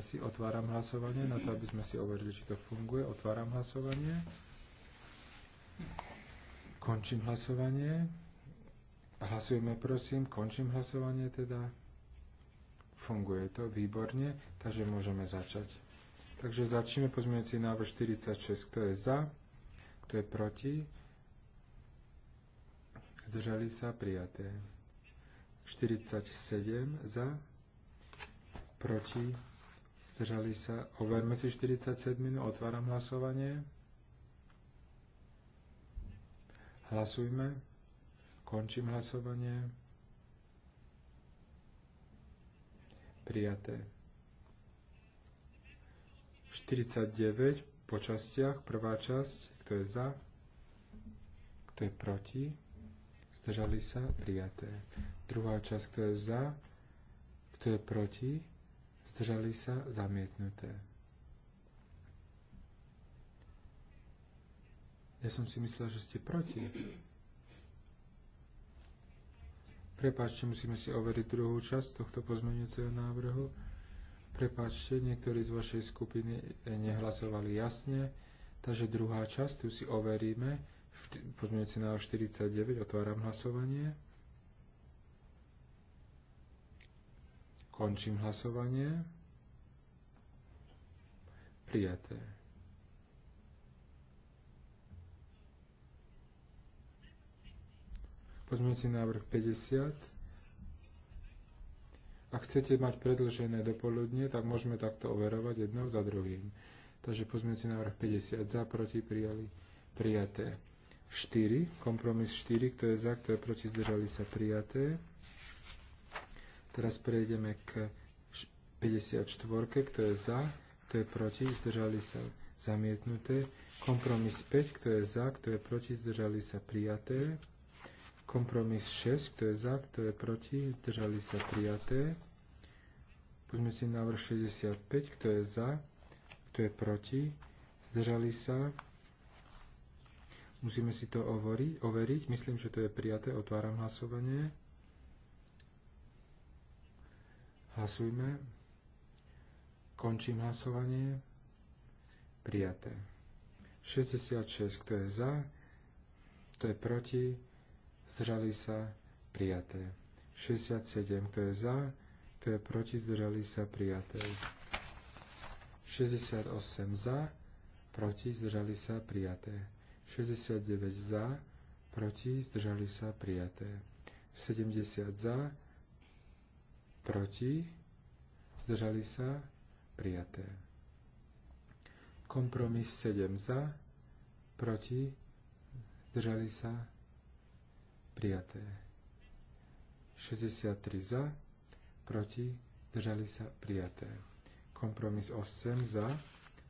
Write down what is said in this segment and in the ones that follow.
si otváram hlasovanie, na to, aby sme si overili, či to funguje. Otváram hlasovanie. Končím hlasovanie. Hlasujeme, prosím. Končím hlasovanie teda. Funguje to výborne, takže môžeme začať. Takže začneme pozmeňujúci návrh 46. Kto je za? Kto je proti? Zdržali sa prijaté. 47 za, proti Zdržali sa. Overme si 47. Otváram hlasovanie. Hlasujme. Končím hlasovanie. Prijaté. 49 po častiach. Prvá časť. Kto je za? Kto je proti? Zdržali sa. Prijaté. Druhá časť. Kto je za? Kto je proti? zdržali sa, zamietnuté. Ja som si myslel, že ste proti. Prepáčte, musíme si overiť druhú časť tohto pozmeňujúceho návrhu. Prepáčte, niektorí z vašej skupiny nehlasovali jasne, takže druhá časť, tu si overíme. Pozmeňujúci návrh 49, otváram hlasovanie. Končím hlasovanie. Prijaté. Pozmeňujúci návrh 50. Ak chcete mať predlžené dopoludne, tak môžeme takto overovať jedno za druhým. Takže pozmeňujúci návrh 50 za, proti, prijali, prijaté. 4, kompromis 4, kto je za, kto je proti, zdržali sa, prijaté. Teraz prejdeme k 54, kto je za, kto je proti, zdržali sa zamietnuté. Kompromis 5, kto je za, kto je proti, zdržali sa prijaté. Kompromis 6, kto je za, kto je proti, zdržali sa prijaté. Poďme si návrh 65, kto je za, kto je proti, zdržali sa. Musíme si to overiť. Myslím, že to je prijaté. Otváram hlasovanie. Hlasujme. Končím hlasovanie. Prijaté. 66, kto je za, kto je proti, zdržali sa, prijaté. 67, kto je za, kto je proti, zdržali sa, prijaté. 68 za, proti, zdržali sa, prijaté. 69 za, proti, zdržali sa, prijaté. 70 za, proti, zdržali sa, prijaté. Kompromis 7 za, proti, zdržali sa, prijaté. 63 za, proti, zdržali sa, prijaté. Kompromis 8 za,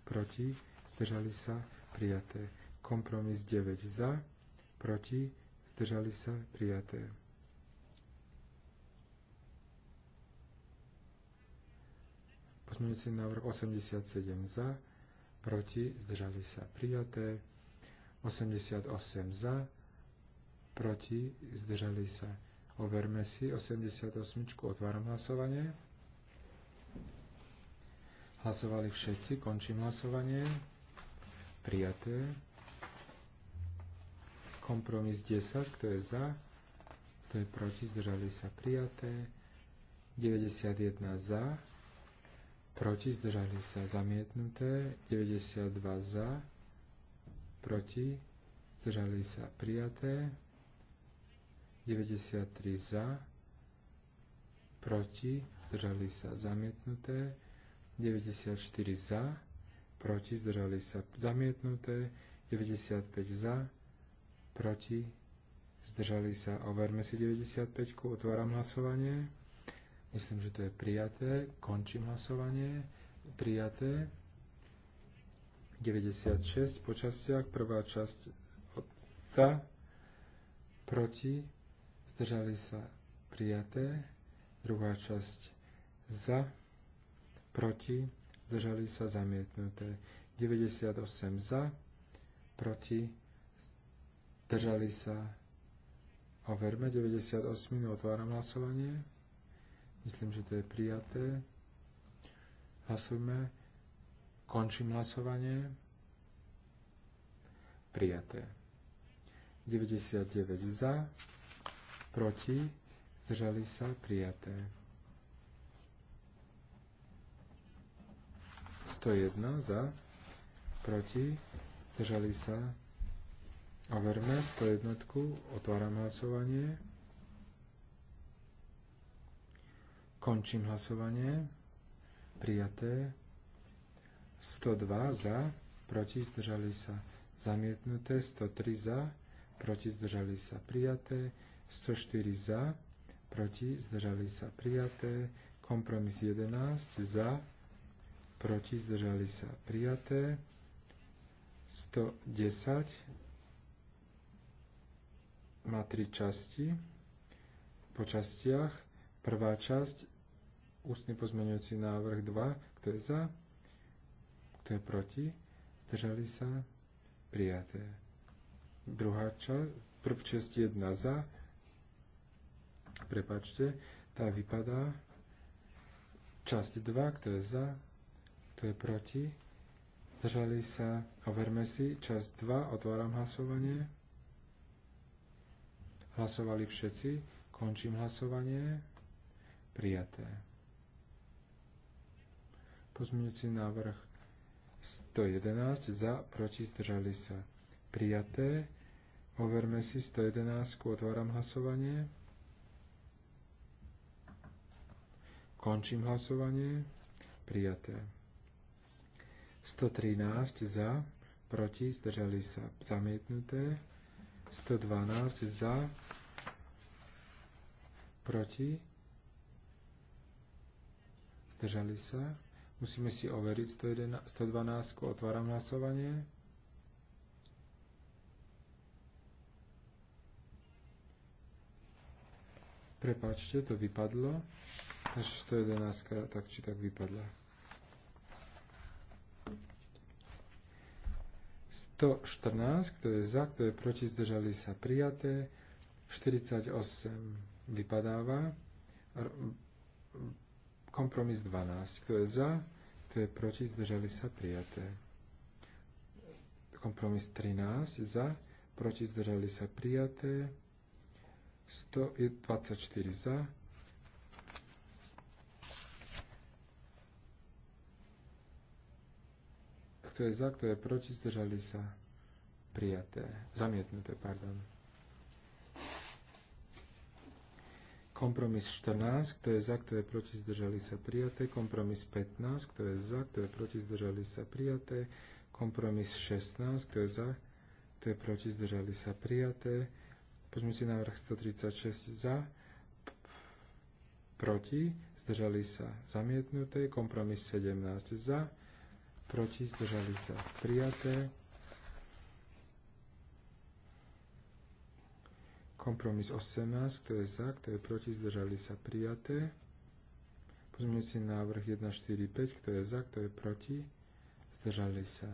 proti, zdržali sa, prijaté. Kompromis 9 za, proti, zdržali sa, prijaté Pozmeňujúci návrh 87 za, proti, zdržali sa prijaté. 88 za, proti, zdržali sa. Overme si 88. Otváram hlasovanie. Hlasovali všetci, končím hlasovanie. Prijaté. Kompromis 10, kto je za, kto je proti, zdržali sa prijaté. 91 za, proti, zdržali sa zamietnuté, 92 za, proti, zdržali sa prijaté, 93 za, proti, zdržali sa zamietnuté, 94 za, proti, zdržali sa zamietnuté, 95 za, proti, zdržali sa, overme si 95, otváram hlasovanie. Myslím, že to je prijaté. Končím hlasovanie. Prijaté. 96 po častiach. Prvá časť odca. Proti. Zdržali sa. Prijaté. Druhá časť za. Proti. Zdržali sa. Zamietnuté. 98 za. Proti. Zdržali sa. Overme 98. Otváram hlasovanie. Myslím, že to je prijaté. Hlasujme. Končím hlasovanie. Prijaté. 99 za, proti, zdržali sa, prijaté. 101 za, proti, zdržali sa, overme 101, otváram hlasovanie. Končím hlasovanie. Prijaté. 102 za, proti zdržali sa zamietnuté, 103 za, proti zdržali sa prijaté, 104 za, proti zdržali sa prijaté, kompromis 11 za, proti zdržali sa prijaté, 110 má tri časti po častiach. Prvá časť ústny pozmeňujúci návrh 2. Kto je za? Kto je proti? Zdržali sa? Prijaté. Druhá časť, prv časť 1 za. Prepačte, tá vypadá. Časť 2, kto je za? Kto je proti? Zdržali sa? Overme si. Časť 2, otváram hlasovanie. Hlasovali všetci. Končím hlasovanie. Prijaté. Pozmeňujúci návrh 111 za, proti, zdržali sa. Prijaté. Overme si 111. Otváram hlasovanie. Končím hlasovanie. Prijaté. 113 za, proti, zdržali sa. Zamietnuté. 112 za, proti, zdržali sa. Musíme si overiť 112. Otváram hlasovanie. Prepačte, to vypadlo. Takže 111 tak či tak vypadla. 114, kto je za, kto je proti, zdržali sa prijaté. 48 vypadáva. Kompromis 12. Kto je za? Kto je proti? Zdržali sa prijaté. Kompromis 13. Za? Proti? Zdržali sa prijaté. 124 za. Kto je za, kto je proti, zdržali sa prijaté. Zamietnuté, pardon. Kompromis 14, kto je za, kto je proti, zdržali sa prijaté. Kompromis 15, kto je za, kto je proti, zdržali sa prijaté. Kompromis 16, kto je za, kto je proti, zdržali sa prijaté. Poďme si návrh 136 za, proti, zdržali sa zamietnuté. Kompromis 17 za, proti, zdržali sa prijaté. Kompromis 18, kto je za, kto je proti, zdržali sa prijaté. Pozmeňujúci návrh 145, kto je za, kto je proti, zdržali sa.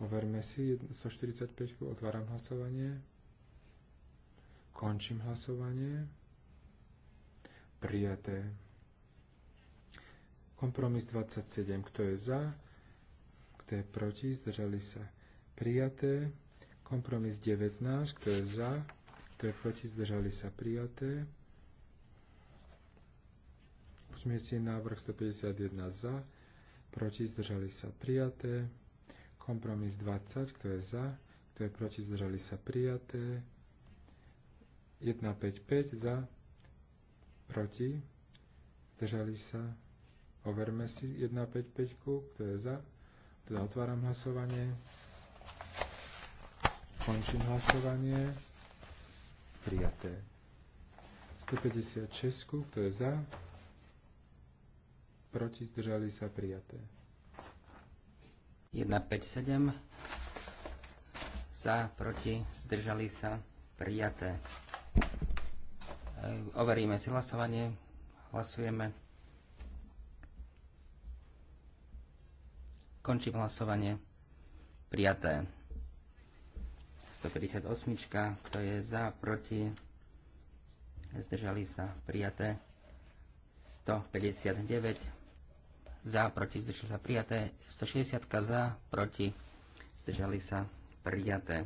Overme si 145, otváram hlasovanie. Končím hlasovanie. Prijaté. Kompromis 27, kto je za, kto je proti, zdržali sa. Prijaté. Kompromis 19, kto je za, kto je proti, zdržali sa prijaté. Pozmeňujúci návrh 151 za, proti, zdržali sa prijaté. Kompromis 20, kto je za, kto je proti, zdržali sa prijaté. 155 za, proti, zdržali sa. Overme si 155, kto je za, teda otváram hlasovanie. Končím hlasovanie prijaté. 156, kto je za, proti, zdržali sa, prijaté. 157, za, proti, zdržali sa, prijaté. E, overíme si hlasovanie, hlasujeme. Končím hlasovanie, prijaté. 158. Kto je za, proti? Zdržali sa prijaté. 159 za, proti, zdržali sa prijaté. 160 za, proti, zdržali sa prijaté.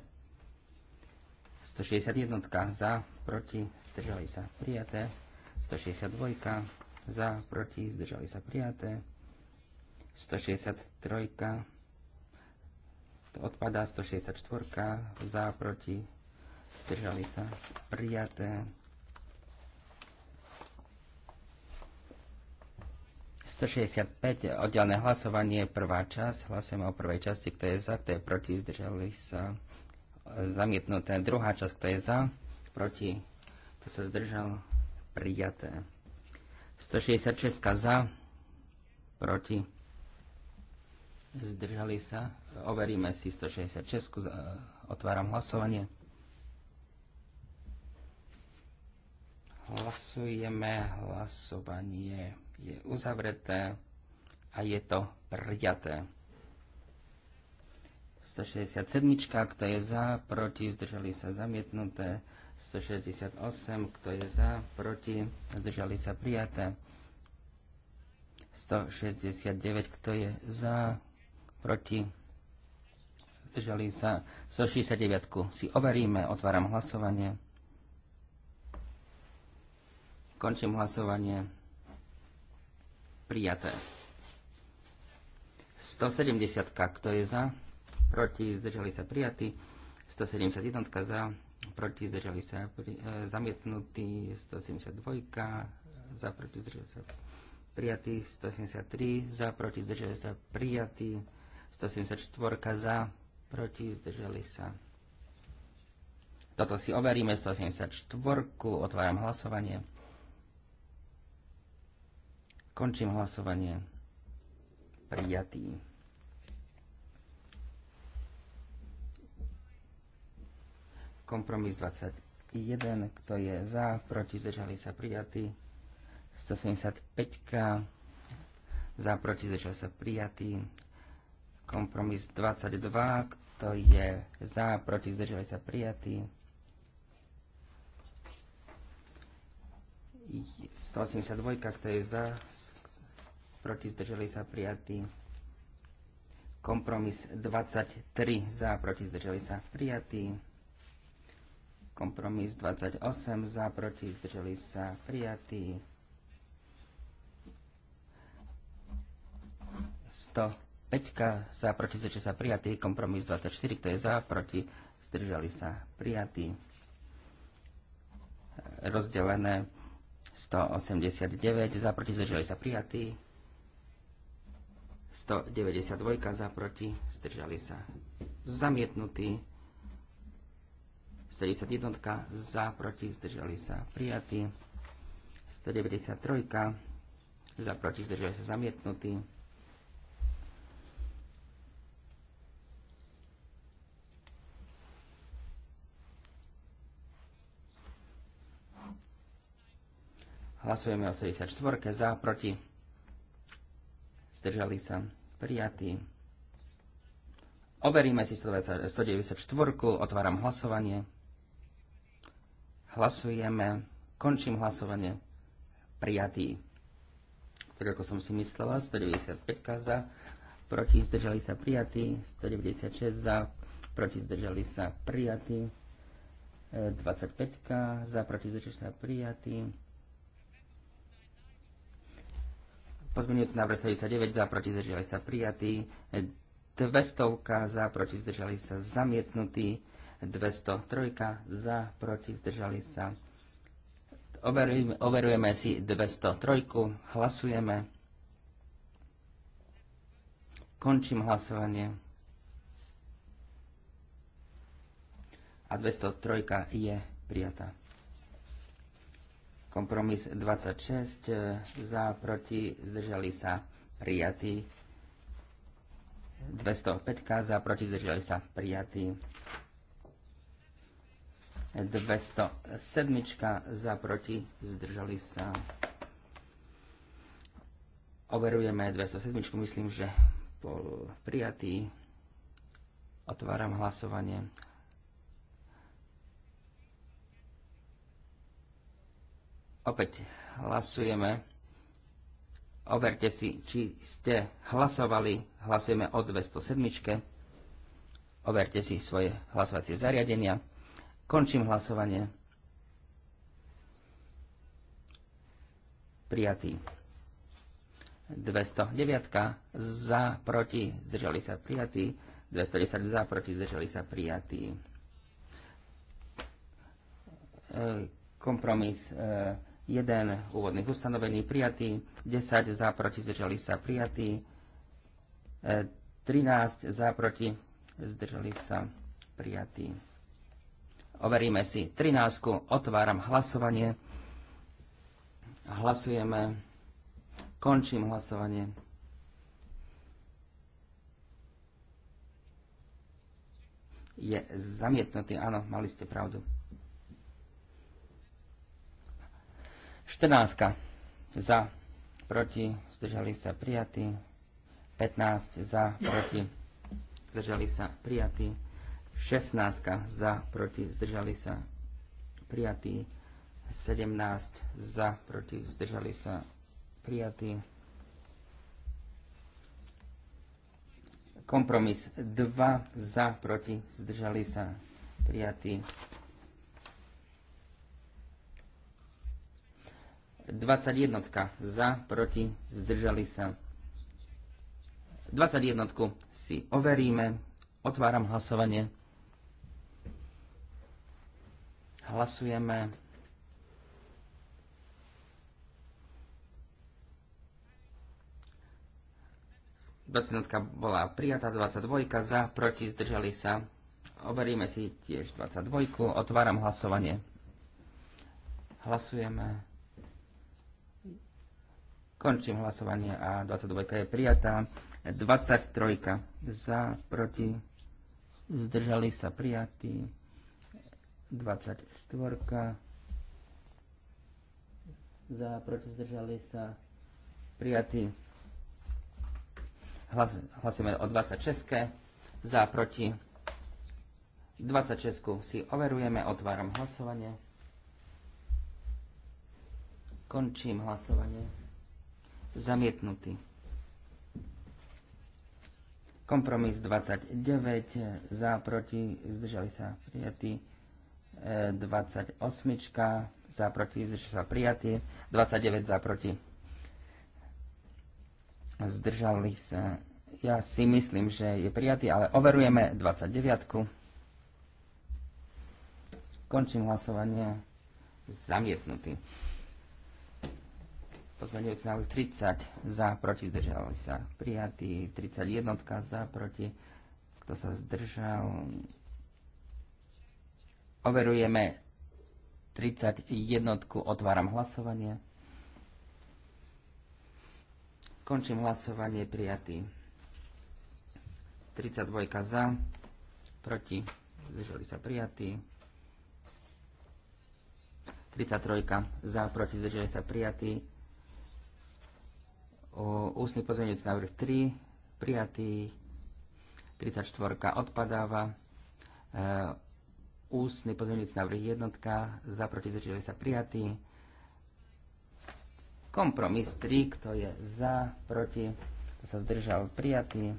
161 za, proti, zdržali sa prijaté. 162 za, proti, zdržali sa prijaté. 163 Odpadá 164. Za, proti. Zdržali sa. Prijaté. 165. Oddelené hlasovanie. Prvá časť. Hlasujeme o prvej časti. Kto je za, kto je proti. Zdržali sa. Zamietnuté. Druhá časť. Kto je za, proti. Kto sa zdržal. Prijaté. 166 za, proti zdržali sa, overíme si 166, otváram hlasovanie. Hlasujeme, hlasovanie je uzavreté a je to prijaté. 167, kto je za, proti, zdržali sa zamietnuté. 168, kto je za, proti, zdržali sa prijaté. 169, kto je za, proti, zdržali sa 169. Si overíme, otváram hlasovanie. Končím hlasovanie. Prijaté. 170. Kto je za? Proti, zdržali sa prijatí. 171. za, proti, zdržali sa pri, e, zamietnutí. 172. za, proti, zdržali sa prijatí. 173. za, proti, zdržali sa prijatí. 174 za, proti, zdržali sa. Toto si overíme, 174, otváram hlasovanie. Končím hlasovanie. Prijatý. Kompromis 21, kto je za, proti, zdržali sa, prijatý. 175 za, proti, zdržali sa, prijatý. Kompromis 22, kto je za, proti, zdržali sa prijatí. 182, kto je za, proti, zdržali sa prijatí. Kompromis 23, za, proti, zdržali sa prijatí. Kompromis 28, za, proti, zdržali sa prijatí. 100. 5 za, proti zdržali sa prijatý. Kompromis 24, kto je za, proti zdržali sa prijatý. Rozdelené 189 za, proti zdržali sa prijatý. 192 za, proti zdržali sa zamietnutý. 141 za, proti zdržali sa prijatý. 193 za, proti zdržali sa zamietnutý. Hlasujeme o 74. Za, proti. Zdržali sa. prijatí. Overíme si 194. Otváram hlasovanie. Hlasujeme. Končím hlasovanie. prijatí. Tak ako som si myslela, 195 za, proti zdržali sa prijatí, 196 za, proti zdržali sa prijatí, 25 za, proti zdržali sa prijatí, Pozmeňujúci návrh 79 za, proti zdržali sa prijatí. 200 za, proti zdržali sa zamietnutí. 203 za, proti zdržali sa. Overujeme, overujeme si 203, hlasujeme. Končím hlasovanie. A 203 je prijatá. Kompromis 26 e, za, proti, zdržali sa prijatí. 205 za, proti, zdržali sa prijatí. 207 za, proti, zdržali sa. Overujeme 207, myslím, že bol prijatý. Otváram hlasovanie. Opäť hlasujeme. Overte si, či ste hlasovali. Hlasujeme o 207. Overte si svoje hlasovacie zariadenia. Končím hlasovanie. Prijatý. 209 za, proti, zdržali sa prijatí. 210 za, proti, zdržali sa prijatí. E, kompromis. kompromis e, 1 úvodných ustanovení prijatý, 10 za proti zdržali sa prijatý, 13 e, za proti zdržali sa prijatý. Overíme si 13. Otváram hlasovanie. Hlasujeme. Končím hlasovanie. Je zamietnutý, áno, mali ste pravdu. 14 za, proti, zdržali sa prijatí. 15 za, proti, zdržali sa prijatí. 16 za, proti, zdržali sa prijatí. 17 za, proti, zdržali sa prijatí. Kompromis 2 za, proti, zdržali sa prijatí. 21 za, proti, zdržali sa. 21 si overíme. Otváram hlasovanie. Hlasujeme. Dvacenotka bola prijatá, 22 za, proti, zdržali sa. Overíme si tiež 22. Otváram hlasovanie. Hlasujeme. Končím hlasovanie a 22 je prijatá. 23 za, proti, zdržali sa prijatí. 24 za, proti, zdržali sa prijatí. hlasujeme o 26 za, proti. 26 si overujeme, otváram hlasovanie. Končím hlasovanie zamietnutý. Kompromis 29 za, proti, zdržali sa prijatí. 28 e, za, proti, zdržali sa prijatí. 29 za, proti, zdržali sa. Ja si myslím, že je prijatý, ale overujeme 29. -ku. Končím hlasovanie. Zamietnutý. Pozmeňujúci návrh 30 za, proti, zdržali sa prijatí. 31 za, proti, kto sa zdržal. Overujeme 31. Otváram hlasovanie. Končím hlasovanie prijatý. 32 za, proti, zdržali sa prijatí. 33 za, proti, zdržali sa prijatí, O ústny pozvenec návrh 3 prijatý, 34 odpadáva, e, ústny pozvenec návrh 1 za proti zdržali sa prijatý, kompromis 3, kto je za, proti, kto sa zdržal prijatý,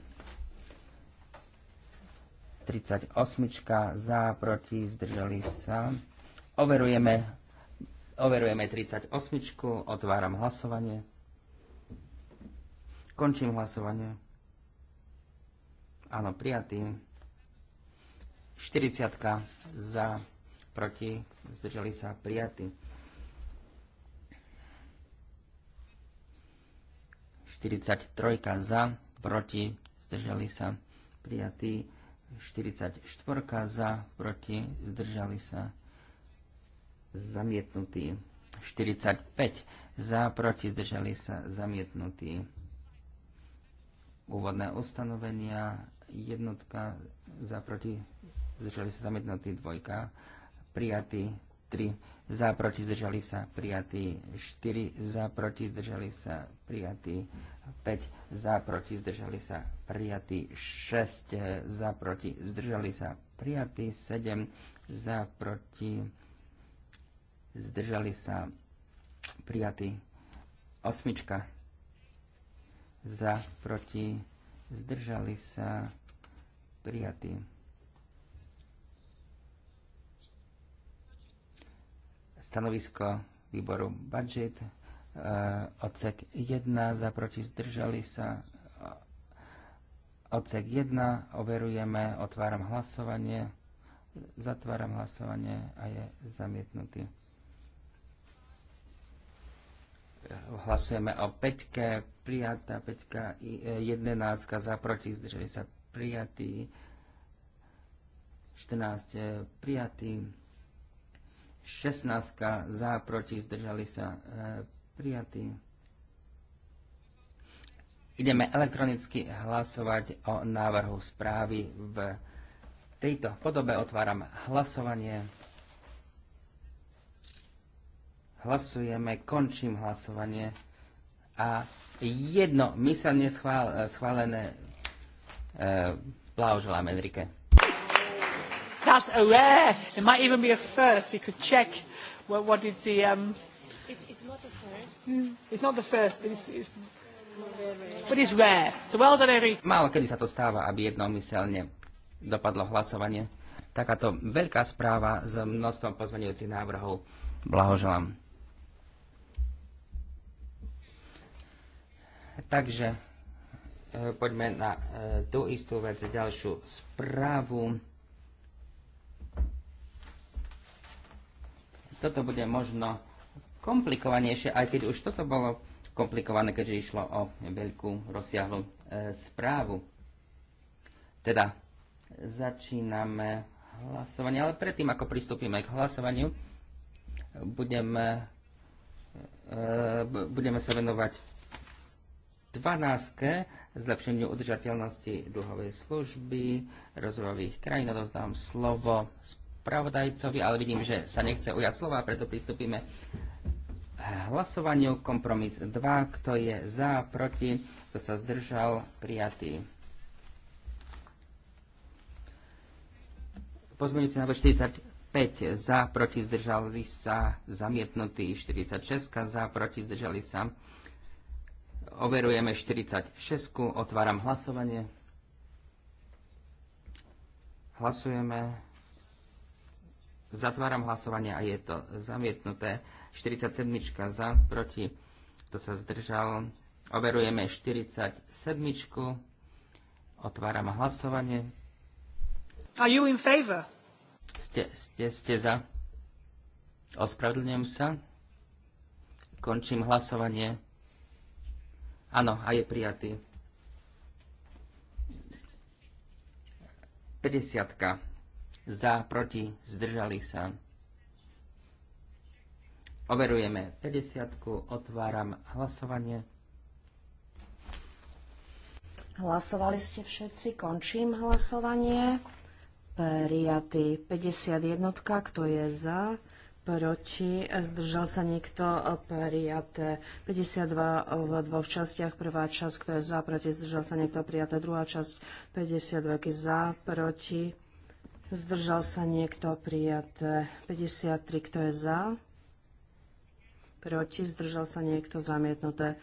38 za, proti, zdržali sa. Overujeme, overujeme 38, otváram hlasovanie. Končím hlasovanie. Áno, prijatý. 40 za, proti, zdržali sa, prijatý. 43 za, proti, zdržali sa, prijatý. 44 za, proti, zdržali sa, zamietnutý. 45 za, proti, zdržali sa, zamietnutý úvodné ustanovenia, jednotka za proti, zdržali sa zamietnutí dvojka, prijatí 3 za proti, zdržali sa prijatí 4 za proti, zdržali sa prijatí 5 za proti, zdržali sa prijatí 6 za proti, zdržali sa prijatí 7 za proti, zdržali sa prijatí osmička za, proti, zdržali sa, prijatí. Stanovisko výboru budget, eh, odsek 1, za, proti, zdržali sa, eh, odsek 1, overujeme, otváram hlasovanie, zatváram hlasovanie a je zamietnutý hlasujeme o 5, prijatá 5, 11 e, za proti, zdržali sa prijatí, 14 e, prijatí, 16 za proti, zdržali sa e, prijatí. Ideme elektronicky hlasovať o návrhu správy v tejto podobe. Otváram hlasovanie. Hlasujeme, končím hlasovanie a jedno myselne schvál, eh, schválené e, blahoželám Enrique. That's a rare. It might even be a first. We could check what, what is the... Um... It's, it's not the first. Mm, it's not the first, but it's, it's, but it's rare. So well done, Enrique. Málo kedy sa to stáva, aby jednomyselne dopadlo hlasovanie. Takáto veľká správa s množstvom pozvaniujúcich návrhov. Blahoželám. Takže e, poďme na e, tú istú vec, ďalšiu správu. Toto bude možno komplikovanejšie, aj keď už toto bolo komplikované, keďže išlo o veľkú rozsiahlu e, správu. Teda začíname hlasovanie, ale predtým, ako pristúpime k hlasovaniu, budeme, budeme sa venovať 12. Zlepšeniu udržateľnosti dlhovej služby rozvojových krajín. Odovzdám slovo spravodajcovi, ale vidím, že sa nechce ujať slova, preto pristúpime hlasovaniu. Kompromis 2. Kto je za, proti, kto sa zdržal, prijatý. Pozmeňujúci návrh 45 za, proti, zdržali sa, zamietnutý 46 za, proti, zdržali sa, Overujeme 46. Otváram hlasovanie. Hlasujeme. Zatváram hlasovanie a je to zamietnuté. 47. za, proti, to sa zdržal. Overujeme 47. Otváram hlasovanie. Are you in favor? Ste, ste, ste za. Ospravedlňujem sa. Končím hlasovanie. Áno, a je prijatý. 50. Za, proti, zdržali sa. Overujeme 50. Otváram hlasovanie. Hlasovali ste všetci, končím hlasovanie. Prijatý 51, kto je za, proti, zdržal sa niekto, e, prijaté 52 e, v dvoch častiach, prvá časť, kto je za, proti, zdržal sa niekto, prijaté druhá časť, 52 je za, proti, zdržal sa niekto, prijaté 53, kto je za, proti, zdržal sa niekto, zamietnuté.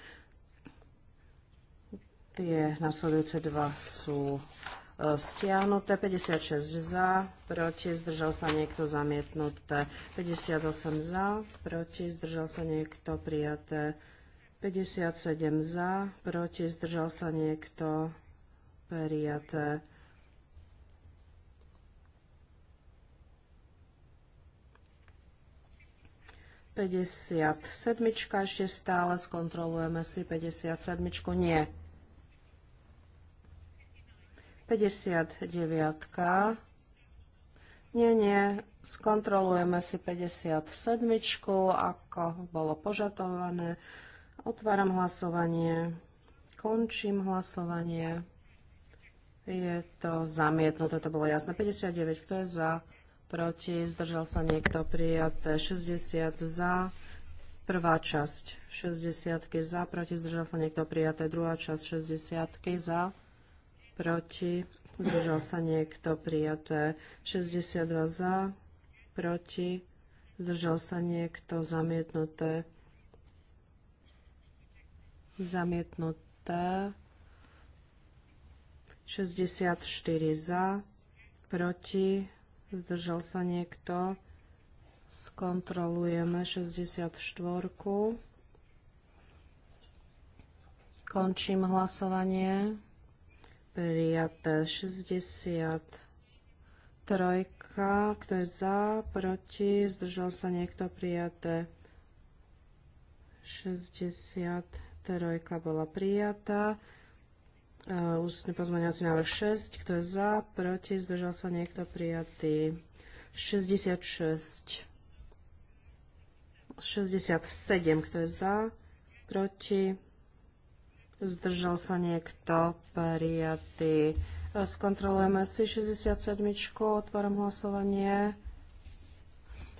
Tie nasledujúce dva sú E, stiahnuté, 56 za, proti, zdržal sa niekto zamietnuté, 58 za, proti, zdržal sa niekto prijaté, 57 za, proti, zdržal sa niekto prijaté. Päťdesiat sedmička, ešte stále skontrolujeme si päťdesiat sedmičku, nie. 59. Nie, nie, skontrolujeme si 57, ako bolo požadované. Otváram hlasovanie, končím hlasovanie. Je to zamietnuté, to bolo jasné. 59, kto je za? Proti, zdržal sa niekto, prijaté. 60 za, prvá časť. 60 za, proti, zdržal sa niekto, prijaté. Druhá časť 60 za proti, zdržal sa niekto prijaté 62 za, proti, zdržal sa niekto zamietnuté, zamietnuté 64 za, proti, zdržal sa niekto, skontrolujeme 64. Končím hlasovanie prijaté 60. Trojka, kto je za, proti, zdržal sa niekto prijaté. 63 bola prijatá. E, ústne pozmeňovací návrh 6, kto je za, proti, zdržal sa niekto prijatý. 66. 67, kto je za, proti, zdržal sa niekto, prijatý. Skontrolujeme si 67. Otváram hlasovanie.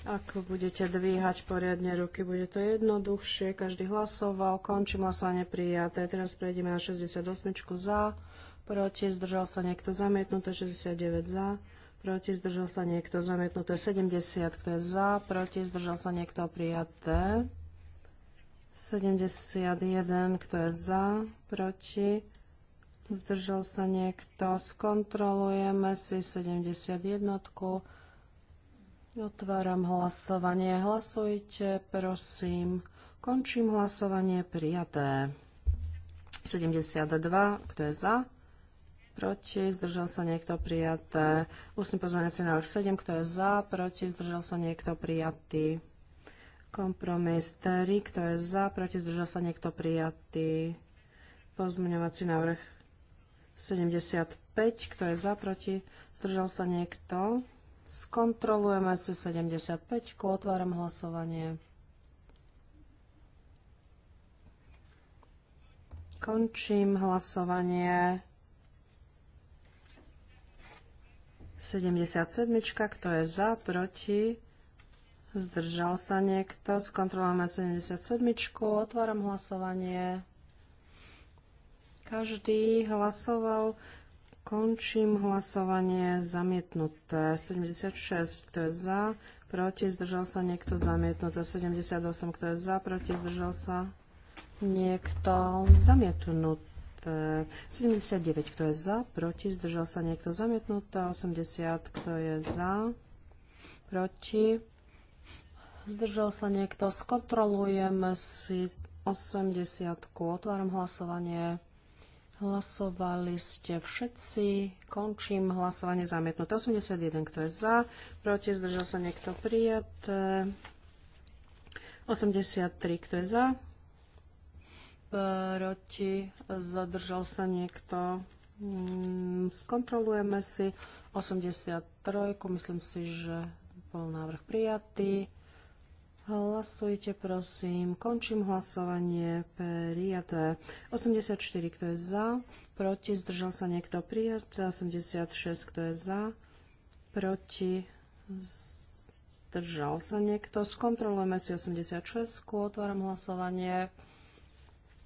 Ak budete dvíhať poriadne ruky, bude to jednoduchšie. Každý hlasoval. Končím hlasovanie prijaté. Teraz prejdeme na 68. za. Proti zdržal sa niekto zamietnuté. 69 za. Proti zdržal sa niekto zamietnuté. 70. Kto je za? Proti zdržal sa niekto prijaté. 71, kto je za, proti, zdržal sa niekto. Skontrolujeme si 71. Otváram hlasovanie. Hlasujte, prosím. Končím hlasovanie. Prijaté. 72. Kto je za? Proti. Zdržal sa niekto. Prijaté. Ústny pozmeňovací návrh 7. Kto je za? Proti. Zdržal sa niekto. Prijatý. Kompromis 3, kto je za, proti zdržal sa niekto prijatý. Pozmeňovací návrh 75, kto je za, proti zdržal sa niekto. Skontrolujeme si 75, otváram hlasovanie. Končím hlasovanie. 77, kto je za, proti Zdržal sa niekto? Skontrolujeme 77. Otváram hlasovanie. Každý hlasoval. Končím hlasovanie. Zamietnuté. 76. Kto je za? Proti? Zdržal sa niekto? Zamietnuté. 78. Kto je za? Proti? Zdržal sa niekto? Zamietnuté. 79. Kto je za? Proti? Zdržal sa niekto? zamietnutá, 80. Kto je za? Proti? Zdržal sa niekto? Skontrolujeme si 80. Otváram hlasovanie. Hlasovali ste všetci. Končím hlasovanie zamietnuté. 81, kto je za, proti, zdržal sa niekto prijaté. 83, kto je za, proti, zadržal sa niekto. Mm, skontrolujeme si 83, myslím si, že bol návrh prijatý. Hlasujte, prosím. Končím hlasovanie. Prijaté. 84, kto je za? Proti? Zdržal sa niekto? Prijaté. 86, kto je za? Proti? Zdržal sa niekto? Skontrolujeme si 86. Otváram hlasovanie.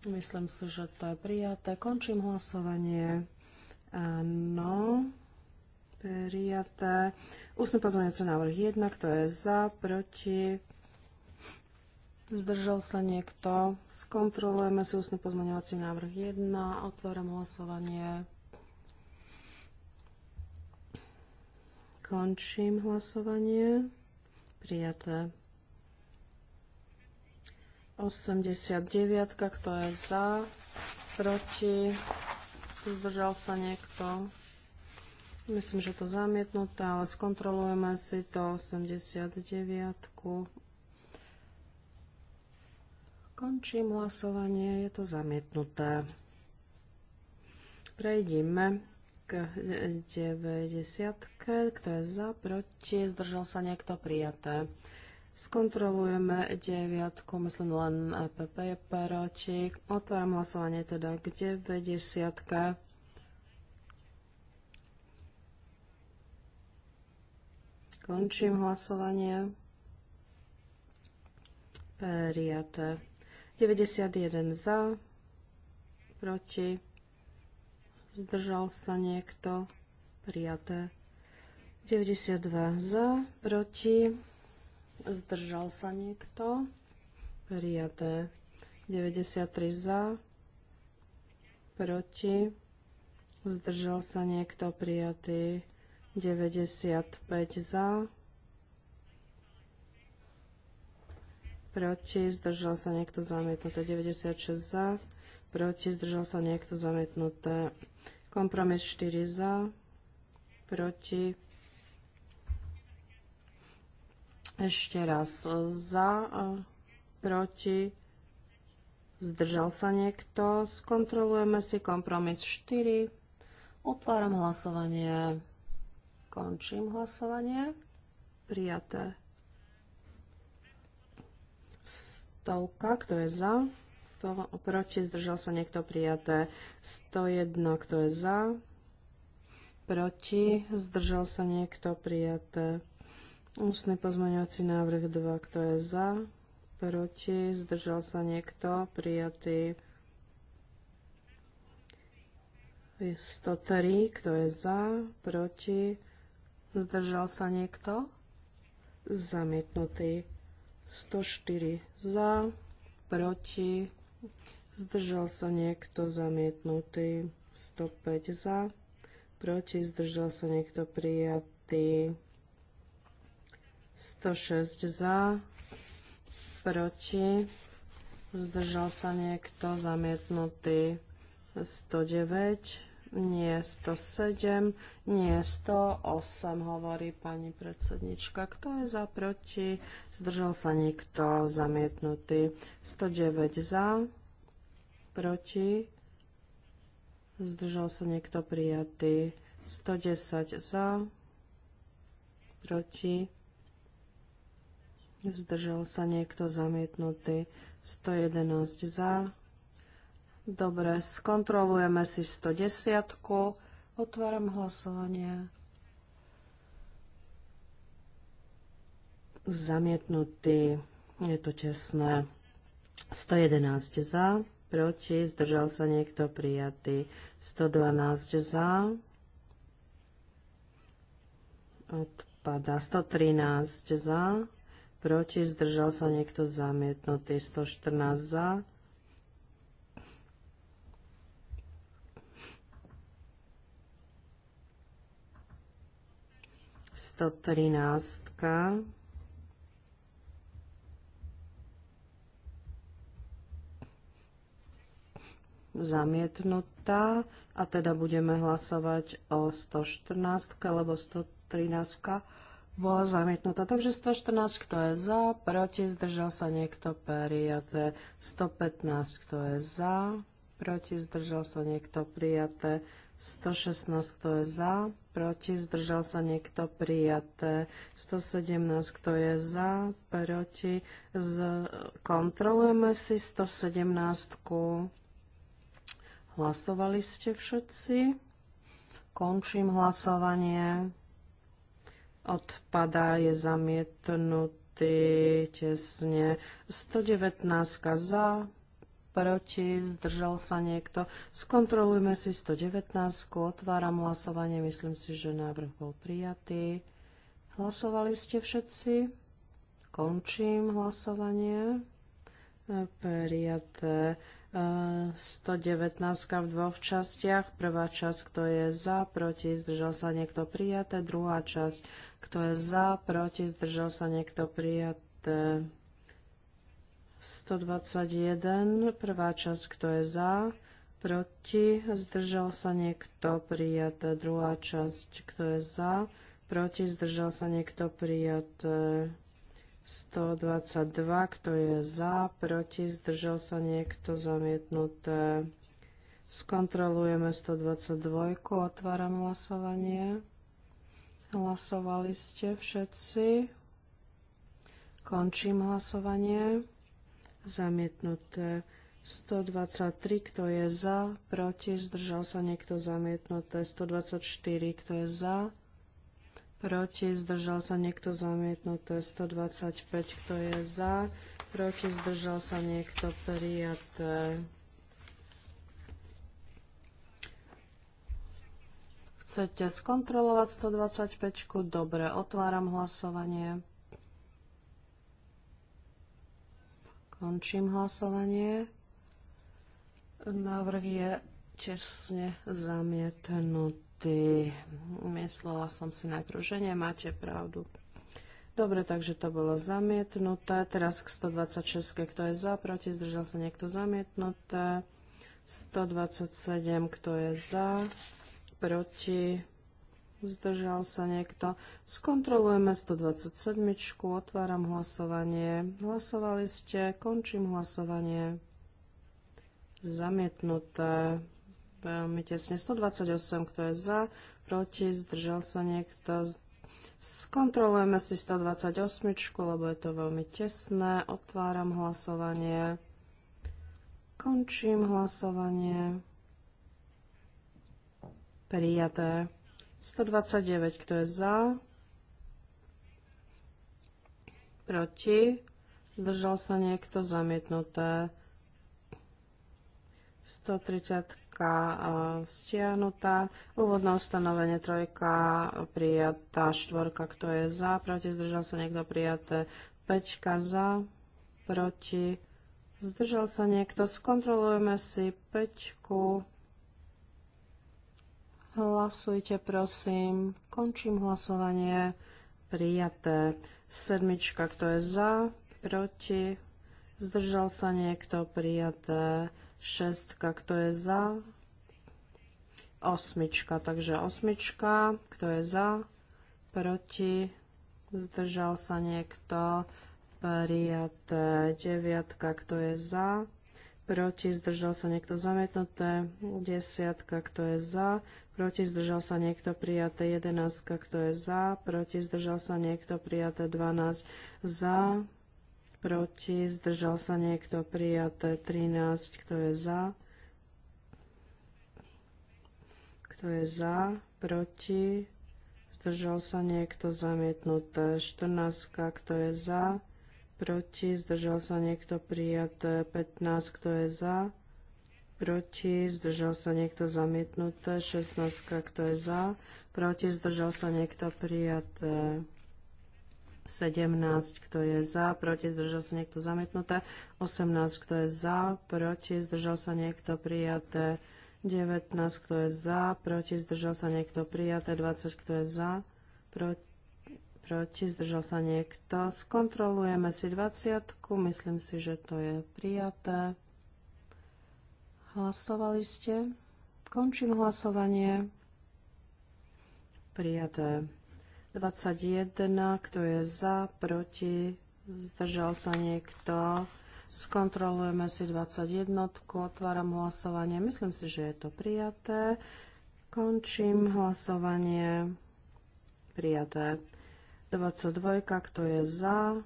Myslím si, že to je prijaté. Končím hlasovanie. Áno. Prijaté. Ústny pozmeňujúci návrh 1. Kto je za? Proti? Zdržal sa niekto? Skontrolujeme si ústny pozmeňovací návrh 1. Otváram hlasovanie. Končím hlasovanie. Prijaté. 89. Kto je za? Proti? Zdržal sa niekto? Myslím, že to zamietnuté, ale skontrolujeme si to 89. Končím hlasovanie, je to zamietnuté. Prejdime k 90, kto je za, proti, zdržal sa niekto prijaté. Skontrolujeme 9, myslím len PP je proti. Otváram hlasovanie teda k 90. Končím hlasovanie. Prijaté. 91 za, proti, zdržal sa niekto, prijaté. 92 za, proti, zdržal sa niekto, prijaté. 93 za, proti, zdržal sa niekto, prijatý. 95 za, proti, zdržal sa niekto zamietnuté 96 za, proti, zdržal sa niekto zamietnuté kompromis 4 za, proti, ešte raz za, proti, zdržal sa niekto, skontrolujeme si kompromis 4, otváram hlasovanie, končím hlasovanie, prijaté. stovka, kto je za, kto proti, zdržal sa niekto prijaté. 101, kto je za, proti, zdržal sa niekto prijaté. Ústny pozmeňovací návrh 2, kto je za, proti, zdržal sa niekto prijatý. 103, kto je za, proti, zdržal sa niekto? Zamietnutý. 104 za, proti, zdržal sa niekto zamietnutý, 105 za, proti, zdržal sa niekto prijatý, 106 za, proti, zdržal sa niekto zamietnutý, 109 nie 107, nie 108, hovorí pani predsednička. Kto je za, proti? Zdržal sa nikto, zamietnutý. 109 za, proti? Zdržal sa niekto prijatý. 110 za, proti? Zdržal sa niekto zamietnutý. 111 za, Dobre, skontrolujeme si 110. Otváram hlasovanie. Zamietnutý. Je to tesné. 111 za, proti, zdržal sa niekto prijatý. 112 za, odpada. 113 za, proti, zdržal sa niekto zamietnutý. 114 za, 113. zamietnutá a teda budeme hlasovať o 114, lebo 113 bola zamietnutá. Takže 114, kto je za, proti, zdržal sa niekto, prijaté. 115, kto je za, proti, zdržal sa niekto, prijaté. 116, kto je za, proti, zdržal sa niekto prijaté. 117, kto je za, proti, z... kontrolujeme si 117. Hlasovali ste všetci? Končím hlasovanie. Odpadá je zamietnutý tesne. 119 za, proti, zdržal sa niekto. Skontrolujme si 119, otváram hlasovanie, myslím si, že návrh bol prijatý. Hlasovali ste všetci? Končím hlasovanie. E, prijaté 119 e, v dvoch častiach. Prvá časť, kto je za, proti, zdržal sa niekto prijaté. Druhá časť, kto je za, proti, zdržal sa niekto prijaté. 121, prvá časť, kto je za, proti, zdržal sa niekto, prijaté. Druhá časť, kto je za, proti, zdržal sa niekto, prijaté. 122, kto je za, proti, zdržal sa niekto, zamietnuté. Skontrolujeme 122, otváram hlasovanie. Hlasovali ste všetci. Končím hlasovanie zamietnuté. 123, kto je za, proti, zdržal sa niekto zamietnuté. 124, kto je za, proti, zdržal sa niekto zamietnuté. 125, kto je za, proti, zdržal sa niekto prijaté. Chcete skontrolovať 125? Dobre, otváram hlasovanie. Končím hlasovanie. Návrh je česne zamietnutý. Myslela som si najprv, že nemáte pravdu. Dobre, takže to bolo zamietnuté. Teraz k 126, kto je za, proti, zdržal sa niekto zamietnuté. 127, kto je za, proti, zdržal sa niekto. Skontrolujeme 127. Otváram hlasovanie. Hlasovali ste. Končím hlasovanie. Zamietnuté. Veľmi tesne. 128. Kto je za? Proti? Zdržal sa niekto? Skontrolujeme si 128, lebo je to veľmi tesné. Otváram hlasovanie. Končím hlasovanie. Prijaté. 129, kto je za? Proti? Zdržal sa niekto zamietnuté. 130 e, stiahnutá. Úvodné ustanovenie 3 prijatá. Štvorka, kto je za? Proti? Zdržal sa niekto prijaté. 5 za? Proti? Zdržal sa niekto. Skontrolujeme si peťku. Hlasujte, prosím. Končím hlasovanie. Prijaté. Sedmička, kto je za, proti, zdržal sa niekto, prijaté. Šestka, kto je za, osmička, takže osmička, kto je za, proti, zdržal sa niekto, prijaté. Deviatka, kto je za, proti, zdržal sa niekto zamietnuté, desiatka, kto je za, proti, zdržal sa niekto prijaté, jedenáctka, kto je za, proti, zdržal sa niekto prijaté, Dvanáct za, proti, zdržal sa niekto prijaté, Trináct, kto je za, kto je za, proti, zdržal sa niekto zamietnuté, Štrnáctka, kto je za, proti, zdržal sa niekto prijaté 15, kto je za, proti, zdržal sa niekto zamietnuté 16, kto je za, proti, zdržal sa niekto prijaté 17, kto je za, proti, zdržal sa niekto zamietnuté 18, kto je za, proti, zdržal sa niekto prijaté 19, kto je za, proti, zdržal sa niekto prijaté 20, kto je za, proti, proti, zdržal sa niekto. Skontrolujeme si 20. Myslím si, že to je prijaté. Hlasovali ste? Končím hlasovanie. Prijaté. 21. Kto je za, proti, zdržal sa niekto. Skontrolujeme si 21. Otváram hlasovanie. Myslím si, že je to prijaté. Končím hlasovanie. Prijaté. 22, kto je za,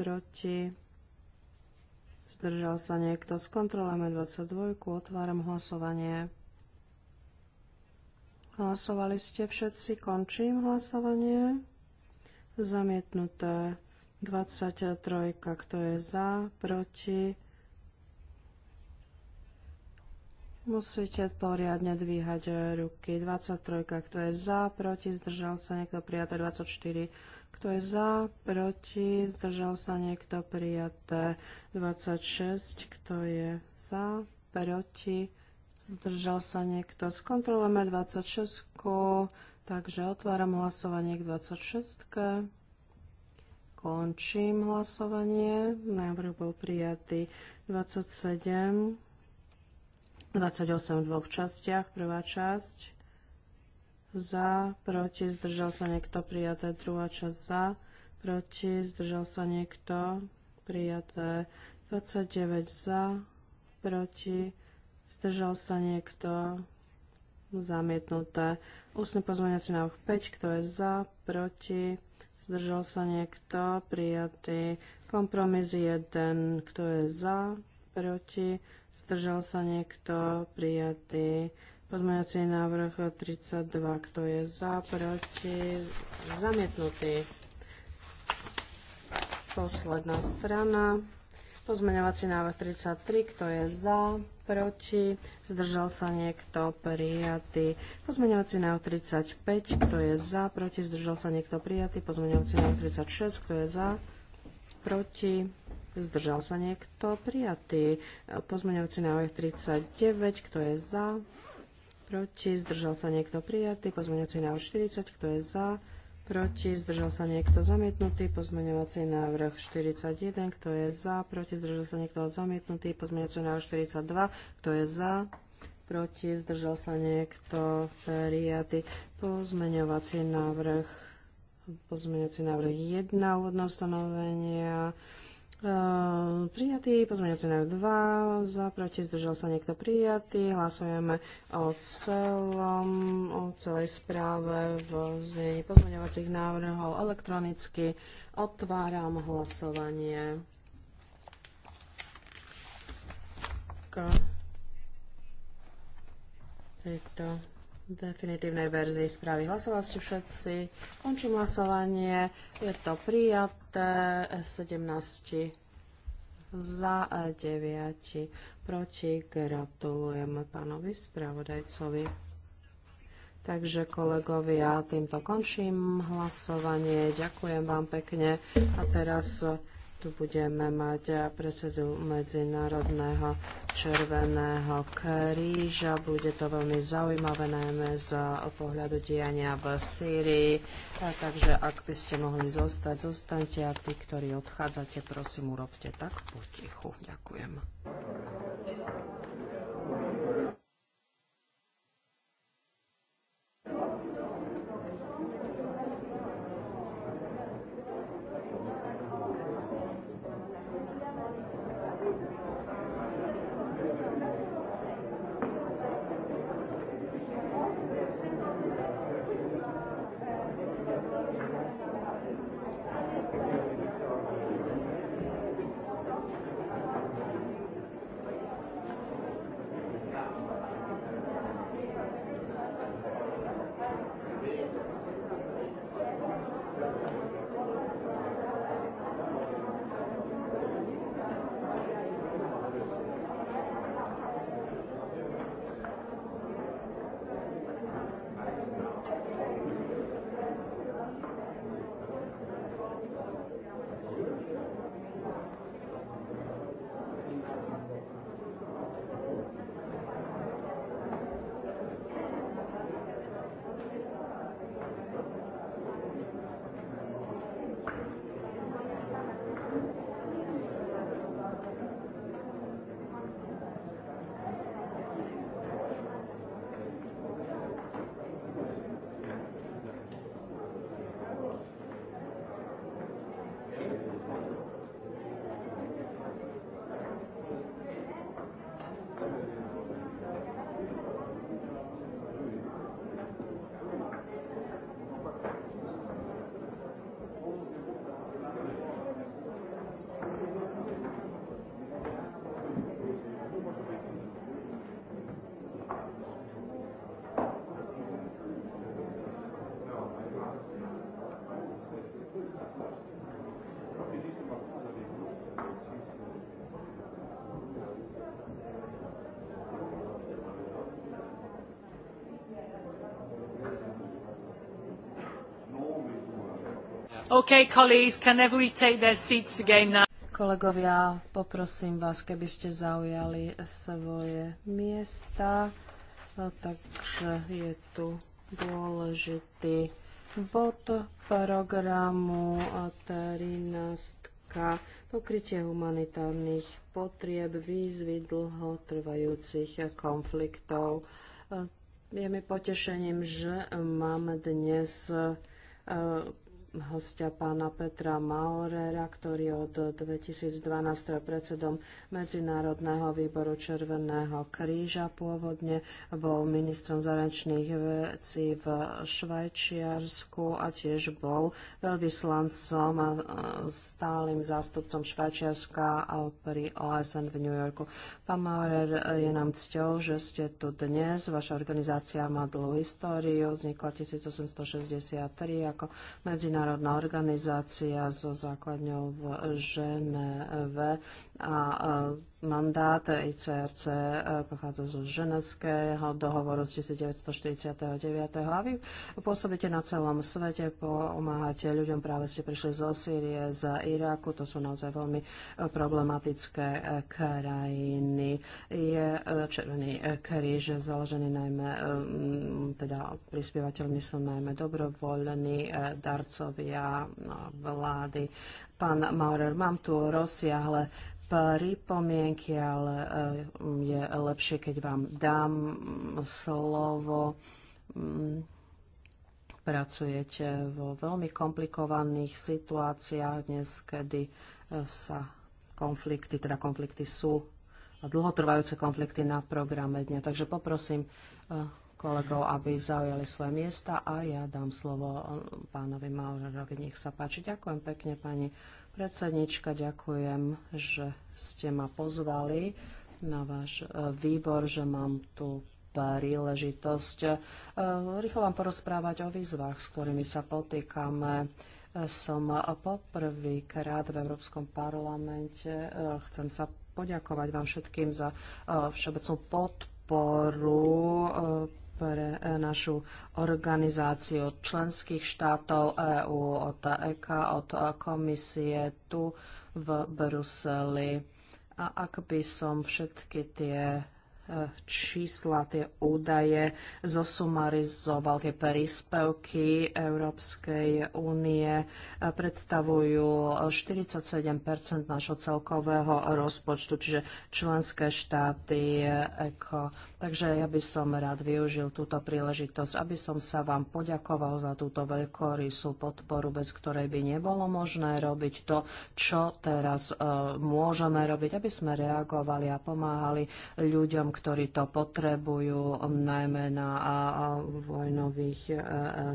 proti, zdržal sa niekto. Skontrolujeme 22, otváram hlasovanie. Hlasovali ste všetci, končím hlasovanie. Zamietnuté 23, kto je za, proti, Musíte poriadne dvíhať eh, ruky. 23, kto je za, proti, zdržal sa niekto prijaté. 24, kto je za, proti, zdržal sa niekto prijaté. 26, kto je za, proti, zdržal sa niekto. Skontrolujeme 26, takže otváram hlasovanie k 26. Končím hlasovanie. Návrh bol prijatý 27 28 v dvoch častiach. Prvá časť za, proti, zdržal sa niekto, prijaté. Druhá časť za, proti, zdržal sa niekto, prijaté. 29 za, proti, zdržal sa niekto, zamietnuté. Ústny pozmeňovací návrh 5, kto je za, proti, zdržal sa niekto, prijatý. Kompromis 1, kto je za, proti, Zdržal sa niekto? Prijatý. Pozmeňací návrh 32. Kto je za? Proti? Zamietnutý. Posledná strana. Pozmeňovací návrh 33. Kto je za? Proti? Zdržal sa niekto? Prijatý. Pozmeňovací návrh 35. Kto je za? Proti? Zdržal sa niekto? Prijatý. Pozmeňovací návrh 36. Kto je za? Proti? Zdržal sa niekto? Prijatý. Pozmeňovací návrh 39. Kto je za? Proti. Zdržal sa niekto? Prijatý. na návrh 40. Kto je za? Proti. Zdržal sa niekto? Zamietnutý. Pozmeňovací návrh 41. Kto je za? Proti. Zdržal sa niekto? Zamietnutý. Pozmeňovací návrh 42. Kto je za? Proti. Zdržal sa niekto? Prijatý. Pozmeňovací návrh pozmeňovací návrh 1 úvodného stanovenia Ehm, prijatý, pozmeňujúci návrh 2, za, proti, zdržal sa niekto prijatý, hlasujeme o celom, o celej správe v znení pozmeňovacích návrhov elektronicky. Otváram hlasovanie. K tejto definitívnej verzii správy. Hlasovali ste všetci. Končím hlasovanie. Je to prijaté 17 za 9 proti. Gratulujeme pánovi spravodajcovi. Takže kolegovia, týmto končím hlasovanie. Ďakujem vám pekne. A teraz tu budeme mať predsedu Medzinárodného Červeného kríža. Bude to veľmi zaujímavé, najmä z pohľadu diania v Sýrii. takže ak by ste mohli zostať, zostaňte. A tí, ktorí odchádzate, prosím, urobte tak potichu. Ďakujem. Okay, colleagues, can everybody take their seats again now? Kolegovia, poprosím vás, keby ste zaujali svoje miesta. No, takže je tu dôležitý bod programu 13 pokrytie humanitárnych potrieb, výzvy dlhotrvajúcich konfliktov. Je mi potešením, že máme dnes e, hostia pána Petra Maurera, ktorý od 2012 je predsedom Medzinárodného výboru Červeného kríža pôvodne, bol ministrom zahraničných vecí v Švajčiarsku a tiež bol veľvyslancom a stálym zástupcom Švajčiarska pri OSN v New Yorku. Pán Maurer, je nám cťou, že ste tu dnes. Vaša organizácia má dlhú históriu, vznikla 1863 ako medzinárodná medzinárodná organizácia so základňou v Ženeve a Mandát ICRC e, pochádza zo ženevského dohovoru z 1949. A vy pôsobíte na celom svete, pomáhate ľuďom, práve ste prišli zo Sýrie, z Iraku, to sú naozaj veľmi problematické e, krajiny. Je e, Červený kríž založený najmä, teda prispievateľmi sú najmä dobrovoľní darcovia no, vlády. Pán Maurer, mám tu rozsiahle pripomienky, ale eh, je lepšie, keď vám dám slovo. Mm, pracujete vo veľmi komplikovaných situáciách dnes, kedy eh, sa konflikty, teda konflikty sú dlhotrvajúce konflikty na programe dňa. Takže poprosím eh, kolegov, aby zaujali svoje miesta a ja dám slovo pánovi Maurerovi. Nech sa páči. Ďakujem pekne, pani Predsednička, ďakujem, že ste ma pozvali na váš e, výbor, že mám tu príležitosť e, rýchlo vám porozprávať o výzvach, s ktorými sa potýkame. E, som poprvýkrát v Európskom parlamente. Chcem sa poďakovať vám všetkým za všeobecnú podporu pre e, našu organizáciu od členských štátov EÚ, od EK, od komisie tu v Bruseli. A ak by som všetky tie e, čísla, tie údaje zosumarizoval, tie príspevky Európskej únie e, predstavujú 47 nášho celkového rozpočtu, čiže členské štáty, ECO, Takže ja by som rád využil túto príležitosť, aby som sa vám poďakoval za túto veľkorysú podporu, bez ktorej by nebolo možné robiť to, čo teraz uh, môžeme robiť, aby sme reagovali a pomáhali ľuďom, ktorí to potrebujú, najmä na uh, vojnových uh,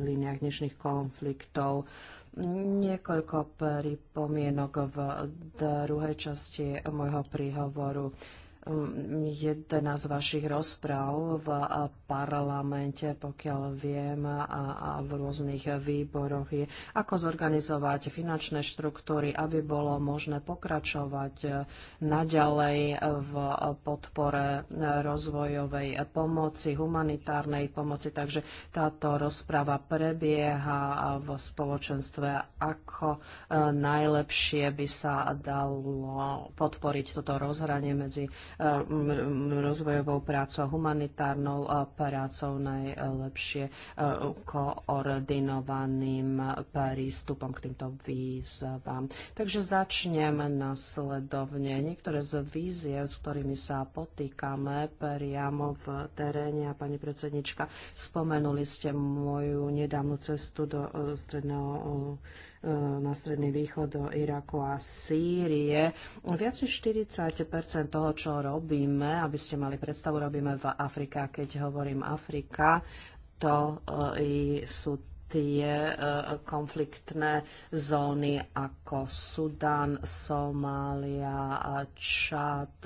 líniách dnešných konfliktov niekoľko pripomienok v druhej časti môjho príhovoru jedna z vašich rozpráv v parlamente, pokiaľ viem, a, v rôznych výboroch je, ako zorganizovať finančné štruktúry, aby bolo možné pokračovať naďalej v podpore rozvojovej pomoci, humanitárnej pomoci. Takže táto rozpráva prebieha v spoločenstve, ako najlepšie by sa dalo podporiť toto rozhranie medzi rozvojovou prácou, humanitárnou prácou, najlepšie e, koordinovaným prístupom k týmto výzvam. Takže začnem nasledovne. Niektoré z víziev, s ktorými sa potýkame priamo v teréne a pani predsednička, spomenuli ste moju nedávnu cestu do e, stredného E, na Stredný východ do e, Iraku a Sýrie. Viac než 40 toho, čo robíme, aby ste mali predstavu, robíme v Afrika. Keď hovorím Afrika, to e, sú tie konfliktné zóny ako Sudan, Somália, Čad,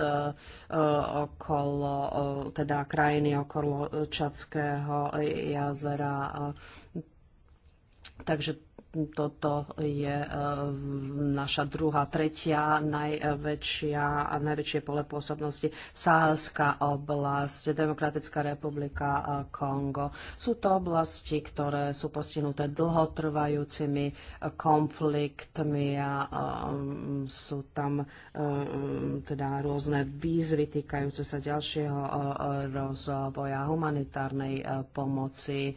okolo, teda krajiny okolo Čadského jazera. Takže toto je e, naša druhá, tretia najväčšia a najväčšie pole pôsobnosti Sahelská oblasť, Demokratická republika e, Kongo. Sú to oblasti, ktoré sú postihnuté dlhotrvajúcimi e, konfliktmi a sú tam teda rôzne výzvy týkajúce sa ďalšieho rozvoja humanitárnej pomoci.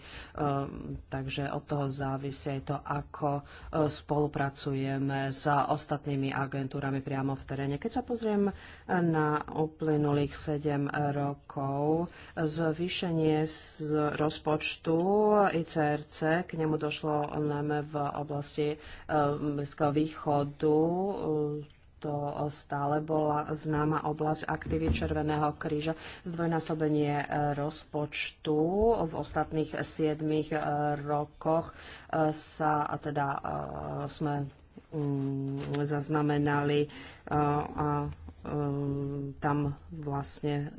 Takže od toho závisí aj to, ak ako e, spolupracujeme s ostatnými agentúrami priamo v teréne. Keď sa pozriem e, na uplynulých 7 rokov, zvýšenie z rozpočtu ICRC, k nemu došlo najmä v oblasti e, Blízkeho východu, to stále bola známa oblasť Aktivy Červeného kríža. Zdvojnásobenie e, rozpočtu v ostatných 7 e, rokoch e, sa teda sme mm, zaznamenali a tam vlastne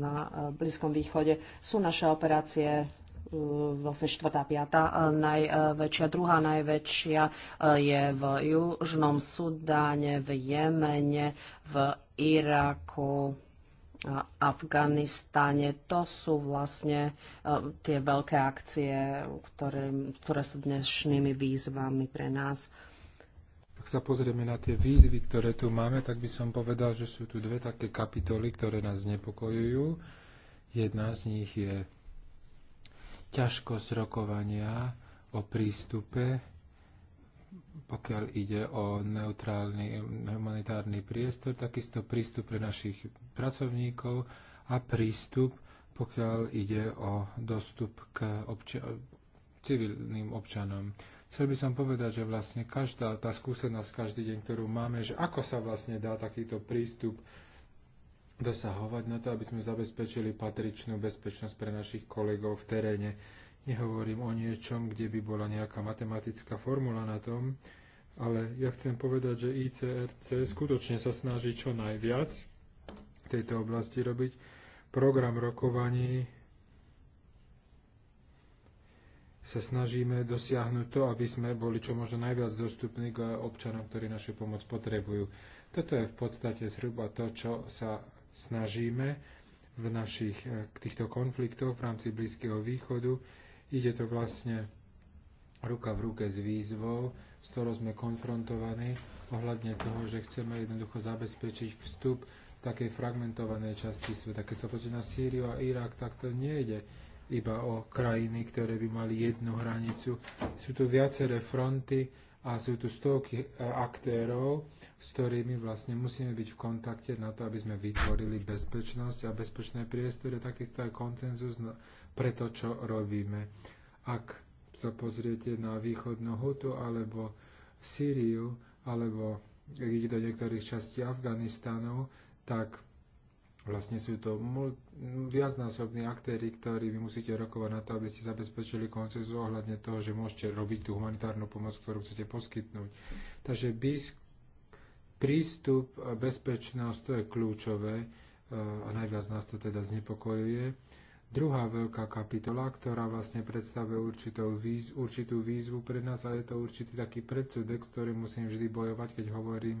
na Blízkom východe sú naše operácie Eh, vlastne štvrtá, piatá eh, najväčšia, druhá najväčšia eh, je v Južnom Sudáne, v Jemene, v Iraku, Afganistane. To sú vlastne tie veľké akcie, ktoré, ktoré sú dnešnými výzvami pre nás. Ak sa pozrieme na tie výzvy, ktoré tu máme, tak by som povedal, že sú tu dve také kapitoly, ktoré nás znepokojujú. Jedna z nich je ťažkosť rokovania o prístupe, pokiaľ ide o neutrálny humanitárny priestor, takisto prístup pre našich pracovníkov a prístup, pokiaľ ide o dostup k obča- civilným občanom. Chcel by som povedať, že vlastne každá tá skúsenosť, každý deň, ktorú máme, že ako sa vlastne dá takýto prístup dosahovať na to, aby sme zabezpečili patričnú bezpečnosť pre našich kolegov v teréne. Nehovorím o niečom, kde by bola nejaká matematická formula na tom, ale ja chcem povedať, že ICRC skutočne sa snaží čo najviac v tejto oblasti robiť. Program rokovaní sa snažíme dosiahnuť to, aby sme boli čo možno najviac dostupní k občanom, ktorí našu pomoc potrebujú. Toto je v podstate zhruba to, čo sa snažíme v našich e, týchto konfliktoch v rámci Blízkeho východu. Ide to vlastne ruka v ruke s výzvou, s ktorou sme konfrontovaní ohľadne toho, že chceme jednoducho zabezpečiť vstup takej fragmentovanej časti sveta. Keď sa pozrie na Sýriu a Irak, tak to nejde iba o krajiny, ktoré by mali jednu hranicu. Sú tu viaceré fronty a sú tu stovky e, aktérov, s ktorými vlastne musíme byť v kontakte na to, aby sme vytvorili bezpečnosť a bezpečné priestory, takisto aj koncenzus pre to, čo robíme. Ak sa pozriete na východnú Hutu alebo Sýriu alebo do niektorých častí Afganistanu, tak Vlastne sú to viacnásobní aktéry, ktorí vy musíte rokovať na to, aby ste zabezpečili koncesu ohľadne toho, že môžete robiť tú humanitárnu pomoc, ktorú chcete poskytnúť. Takže BISK, prístup a bezpečnosť, to je kľúčové e, a najviac nás to teda znepokojuje. Druhá veľká kapitola, ktorá vlastne predstavuje určitú, výz, určitú výzvu pre nás a je to určitý taký predsudek, s ktorým musím vždy bojovať, keď hovorím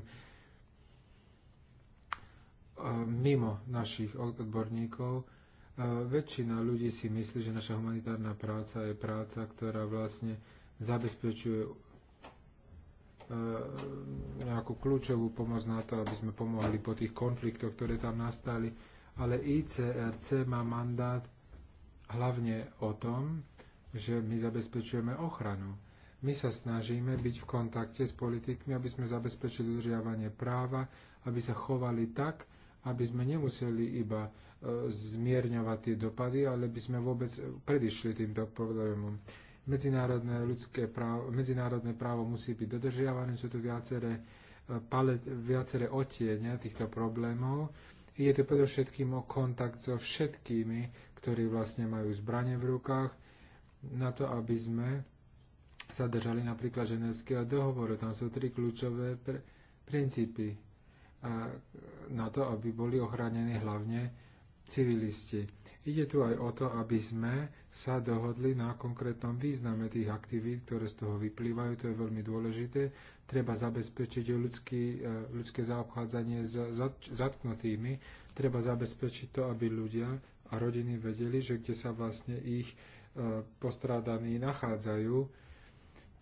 mimo našich odborníkov. Väčšina ľudí si myslí, že naša humanitárna práca je práca, ktorá vlastne zabezpečuje e, nejakú kľúčovú pomoc na to, aby sme pomohli po tých konfliktoch, ktoré tam nastali. Ale ICRC má mandát hlavne o tom, že my zabezpečujeme ochranu. My sa snažíme byť v kontakte s politikmi, aby sme zabezpečili udržiavanie práva, aby sa chovali tak, aby sme nemuseli iba e, zmierňovať tie dopady, ale by sme vôbec predišli týmto problémom. Medzinárodné, ľudské právo, medzinárodné právo musí byť dodržiavané, sú tu viaceré, e, palet, viaceré otiene týchto problémov. Je to predovšetkým o kontakt so všetkými, ktorí vlastne majú zbranie v rukách, na to, aby sme sa držali napríklad ženevského dohovoru. Tam sú tri kľúčové pr- princípy na to, aby boli ochránení hlavne civilisti. Ide tu aj o to, aby sme sa dohodli na konkrétnom význame tých aktivít, ktoré z toho vyplývajú. To je veľmi dôležité. Treba zabezpečiť ľudský, e, ľudské zaobchádzanie s zatknutými. Treba zabezpečiť to, aby ľudia a rodiny vedeli, že kde sa vlastne ich e, postrádaní nachádzajú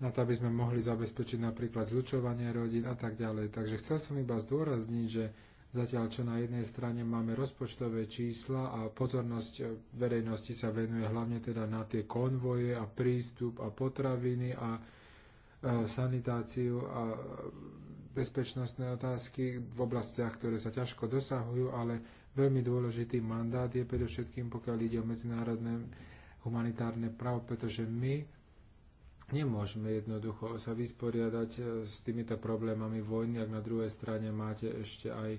na to, aby sme mohli zabezpečiť napríklad zlučovanie rodín a tak ďalej. Takže chcel som iba zdôrazniť, že zatiaľ čo na jednej strane máme rozpočtové čísla a pozornosť verejnosti sa venuje hlavne teda na tie konvoje a prístup a potraviny a e, sanitáciu a bezpečnostné otázky v oblastiach, ktoré sa ťažko dosahujú, ale veľmi dôležitý mandát je predovšetkým, pokiaľ ide o medzinárodné humanitárne právo, pretože my Nemôžeme jednoducho sa vysporiadať e, s týmito problémami vojny, ak na druhej strane máte ešte aj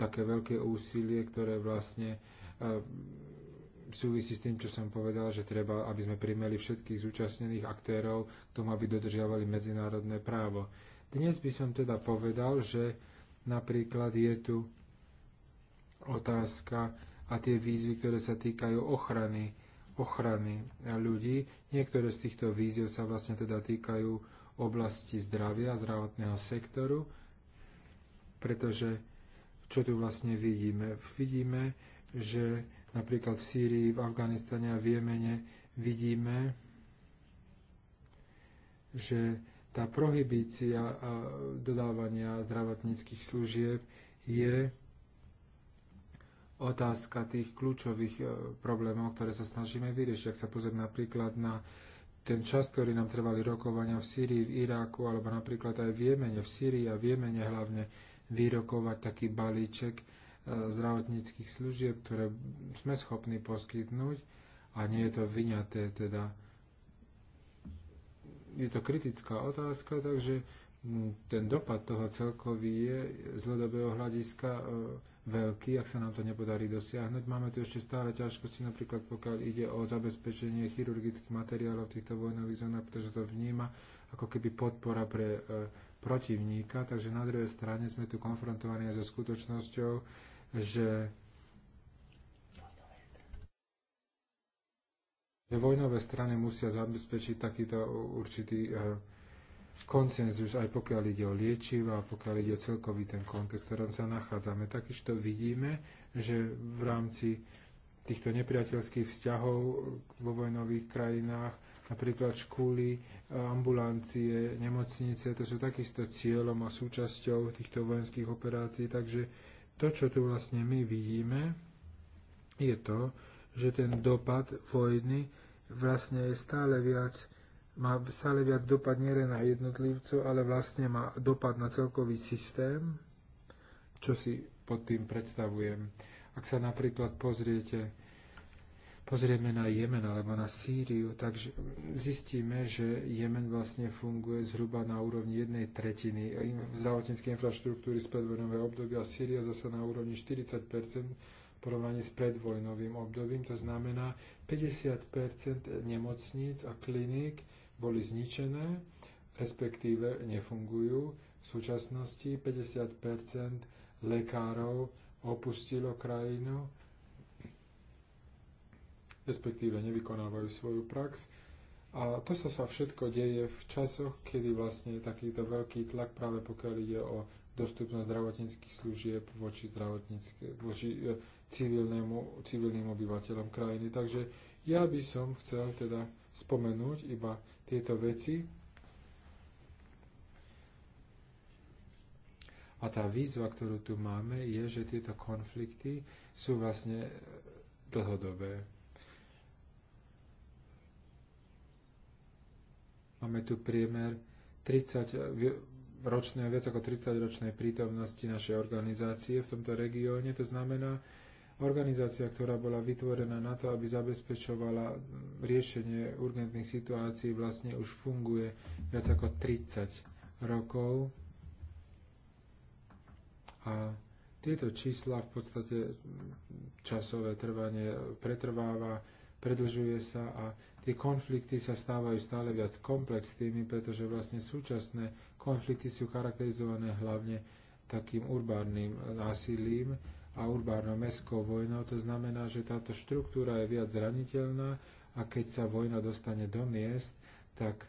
také veľké úsilie, ktoré vlastne e, súvisí s tým, čo som povedal, že treba, aby sme primeli všetkých zúčastnených aktérov k tomu, aby dodržiavali medzinárodné právo. Dnes by som teda povedal, že napríklad je tu otázka a tie výzvy, ktoré sa týkajú ochrany ochrany ľudí. Niektoré z týchto víziev sa vlastne teda týkajú oblasti zdravia, zdravotného sektoru, pretože čo tu vlastne vidíme? Vidíme, že napríklad v Sýrii, v Afganistane a v Jemene vidíme, že tá prohibícia dodávania zdravotníckých služieb je otázka tých kľúčových e, problémov, ktoré sa snažíme vyriešiť. Ak sa pozrieme napríklad na ten čas, ktorý nám trvali rokovania v Sýrii, v Iráku, alebo napríklad aj v Jemene, v Sýrii a v Jemene hlavne vyrokovať taký balíček e, zdravotníckých služieb, ktoré sme schopní poskytnúť a nie je to vyňaté teda. Je to kritická otázka, takže ten dopad toho celkový je z hľadového hľadiska e, veľký, ak sa nám to nepodarí dosiahnuť. Máme tu ešte stále ťažkosti, napríklad pokiaľ ide o zabezpečenie chirurgických materiálov v týchto vojnových zónach, pretože to vníma ako keby podpora pre e, protivníka. Takže na druhej strane sme tu konfrontovaní aj so skutočnosťou, že že vojnové strany musia zabezpečiť takýto určitý e, konsenzus, aj pokiaľ ide o liečivo a pokiaľ ide o celkový ten kontext, v ktorom sa nachádzame. Takisto vidíme, že v rámci týchto nepriateľských vzťahov vo vojnových krajinách, napríklad školy, ambulancie, nemocnice, to sú takisto cieľom a súčasťou týchto vojenských operácií. Takže to, čo tu vlastne my vidíme, je to, že ten dopad vojny vlastne je stále viac má stále viac dopad nie len na jednotlivcu, ale vlastne má dopad na celkový systém, čo si pod tým predstavujem. Ak sa napríklad pozriete, pozrieme na Jemen alebo na Sýriu, takže zistíme, že Jemen vlastne funguje zhruba na úrovni jednej tretiny zdravotníckej infraštruktúry z predvojnového obdobia, a Sýria zase na úrovni 40 porovnaní s predvojnovým obdobím, to znamená 50 nemocníc a kliník boli zničené, respektíve nefungujú. V súčasnosti 50 lekárov opustilo krajinu, respektíve nevykonávajú svoju prax. A to sa, sa všetko deje v časoch, kedy vlastne je takýto veľký tlak práve pokiaľ ide o dostupnosť zdravotníckých služieb voči, voči e, civilnému, civilným obyvateľom krajiny. Takže ja by som chcel teda spomenúť iba tieto veci. A tá výzva, ktorú tu máme, je, že tieto konflikty sú vlastne dlhodobé. Máme tu priemer 30 ročnej, viac ako 30 ročnej prítomnosti našej organizácie v tomto regióne. To znamená, Organizácia, ktorá bola vytvorená na to, aby zabezpečovala riešenie urgentných situácií, vlastne už funguje viac ako 30 rokov. A tieto čísla v podstate časové trvanie pretrváva, predlžuje sa a tie konflikty sa stávajú stále viac komplexnými, pretože vlastne súčasné konflikty sú charakterizované hlavne takým urbárnym násilím, a urbárno-mestskou vojnou. To znamená, že táto štruktúra je viac zraniteľná a keď sa vojna dostane do miest, tak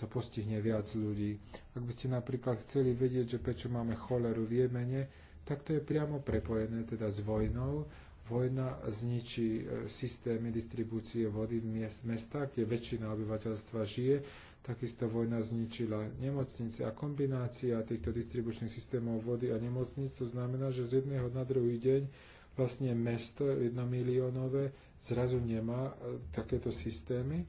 to postihne viac ľudí. Ak by ste napríklad chceli vedieť, že prečo máme choleru v Jemene, tak to je priamo prepojené teda s vojnou. Vojna zničí e, systémy distribúcie vody v mestách, kde väčšina obyvateľstva žije Takisto vojna zničila nemocnice a kombinácia týchto distribučných systémov vody a nemocnic to znamená, že z jedného na druhý deň vlastne mesto jednomiliónové zrazu nemá e, takéto systémy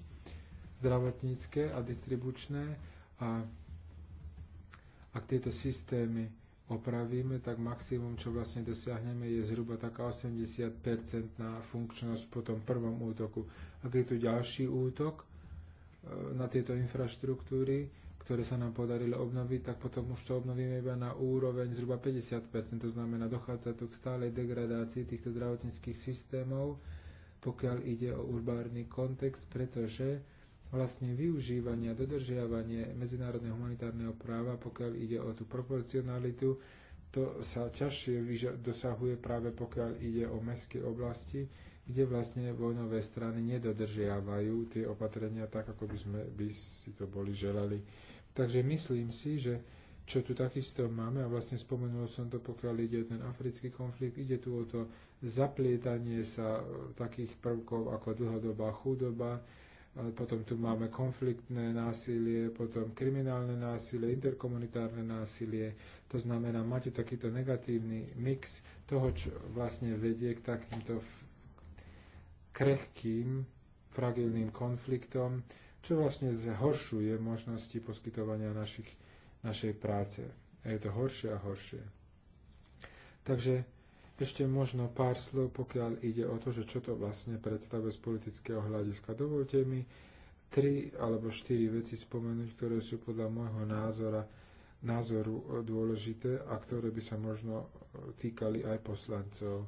zdravotnícke a distribučné a ak tieto systémy opravíme, tak maximum, čo vlastne dosiahneme, je zhruba taká 80% na funkčnosť po tom prvom útoku. Ak je tu ďalší útok, E, na tieto infraštruktúry, ktoré sa nám podarilo obnoviť, tak potom už to obnovíme iba na úroveň zhruba 50%. To znamená, dochádza tu k stálej degradácii týchto zdravotníckých systémov, pokiaľ ide o urbárny kontext, pretože vlastne využívanie a dodržiavanie medzinárodného humanitárneho práva, pokiaľ ide o tú proporcionalitu, to sa ťažšie dosahuje práve pokiaľ ide o mestské oblasti, kde vlastne vojnové strany nedodržiavajú tie opatrenia tak, ako by sme by si to boli želali. Takže myslím si, že čo tu takisto máme, a vlastne spomenul som to, pokiaľ ide o ten africký konflikt, ide tu o to zaplietanie sa e, takých prvkov ako dlhodobá chudoba, potom tu máme konfliktné násilie, potom kriminálne násilie, interkomunitárne násilie. To znamená, máte takýto negatívny mix toho, čo vlastne vedie k takýmto krehkým, fragilným konfliktom, čo vlastne zhoršuje možnosti poskytovania našich, našej práce. A je to horšie a horšie. Takže ešte možno pár slov, pokiaľ ide o to, že čo to vlastne predstavuje z politického hľadiska. Dovolte mi tri alebo štyri veci spomenúť, ktoré sú podľa môjho názora názoru dôležité a ktoré by sa možno týkali aj poslancov.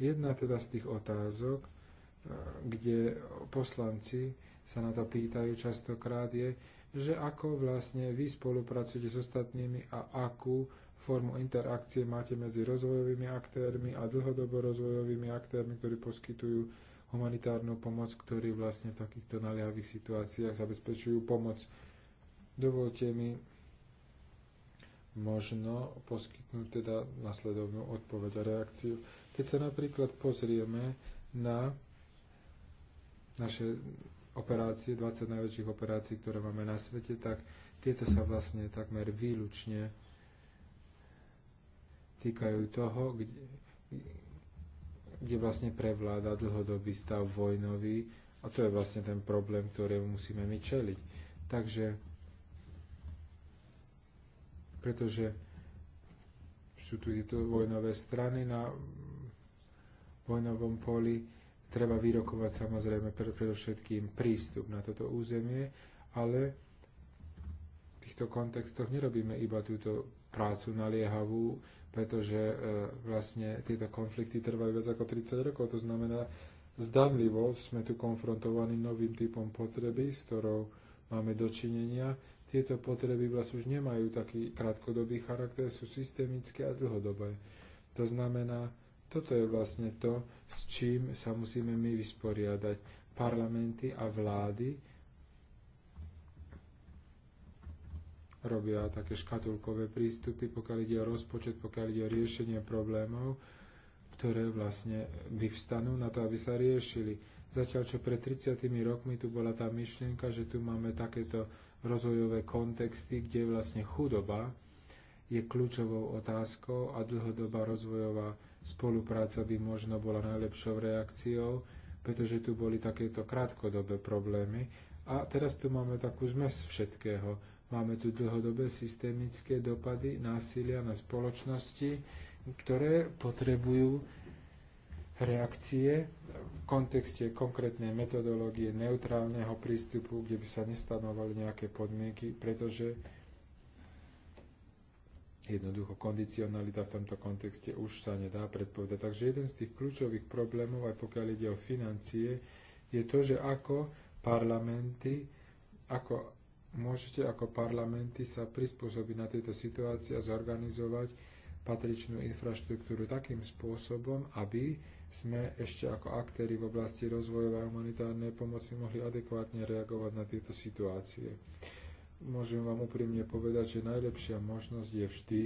Jedna teda z tých otázok kde poslanci sa na to pýtajú častokrát, je, že ako vlastne vy spolupracujete s ostatnými a akú formu interakcie máte medzi rozvojovými aktérmi a dlhodobo rozvojovými aktérmi, ktorí poskytujú humanitárnu pomoc, ktorí vlastne v takýchto naliehavých situáciách zabezpečujú pomoc. Dovolte mi možno poskytnúť teda nasledovnú odpoveď a reakciu. Keď sa napríklad pozrieme na naše operácie, 20 najväčších operácií, ktoré máme na svete, tak tieto sa vlastne takmer výlučne týkajú toho, kde, kde vlastne prevláda dlhodobý stav vojnový a to je vlastne ten problém, ktorý musíme my čeliť. Takže, pretože sú tu tieto vojnové strany na vojnovom poli, Treba vyrokovať samozrejme pre, predovšetkým prístup na toto územie, ale v týchto kontextoch nerobíme iba túto prácu naliehavú, pretože e, vlastne tieto konflikty trvajú viac ako 30 rokov. To znamená, zdanlivo sme tu konfrontovaní novým typom potreby, s ktorou máme dočinenia. Tieto potreby vlastne už nemajú taký krátkodobý charakter, sú systemické a dlhodobé. To znamená, toto je vlastne to, s čím sa musíme my vysporiadať. Parlamenty a vlády robia také škatulkové prístupy, pokiaľ ide o rozpočet, pokiaľ ide o riešenie problémov, ktoré vlastne vyvstanú na to, aby sa riešili. Zatiaľ, čo pred 30 rokmi tu bola tá myšlienka, že tu máme takéto rozvojové kontexty, kde vlastne chudoba je kľúčovou otázkou a dlhodobá rozvojová spolupráca by možno bola najlepšou reakciou, pretože tu boli takéto krátkodobé problémy. A teraz tu máme takú zmes všetkého. Máme tu dlhodobé systemické dopady násilia na spoločnosti, ktoré potrebujú reakcie v kontexte konkrétnej metodológie neutrálneho prístupu, kde by sa nestanovali nejaké podmienky, pretože Jednoducho kondicionalita v tomto kontexte už sa nedá predpovedať. Takže jeden z tých kľúčových problémov, aj pokiaľ ide o financie, je to, že ako parlamenty, ako môžete ako parlamenty sa prispôsobiť na tejto situácii a zorganizovať patričnú infraštruktúru takým spôsobom, aby sme ešte ako aktéry v oblasti rozvojovej a humanitárnej pomoci mohli adekvátne reagovať na tieto situácie môžem vám úprimne povedať, že najlepšia možnosť je vždy,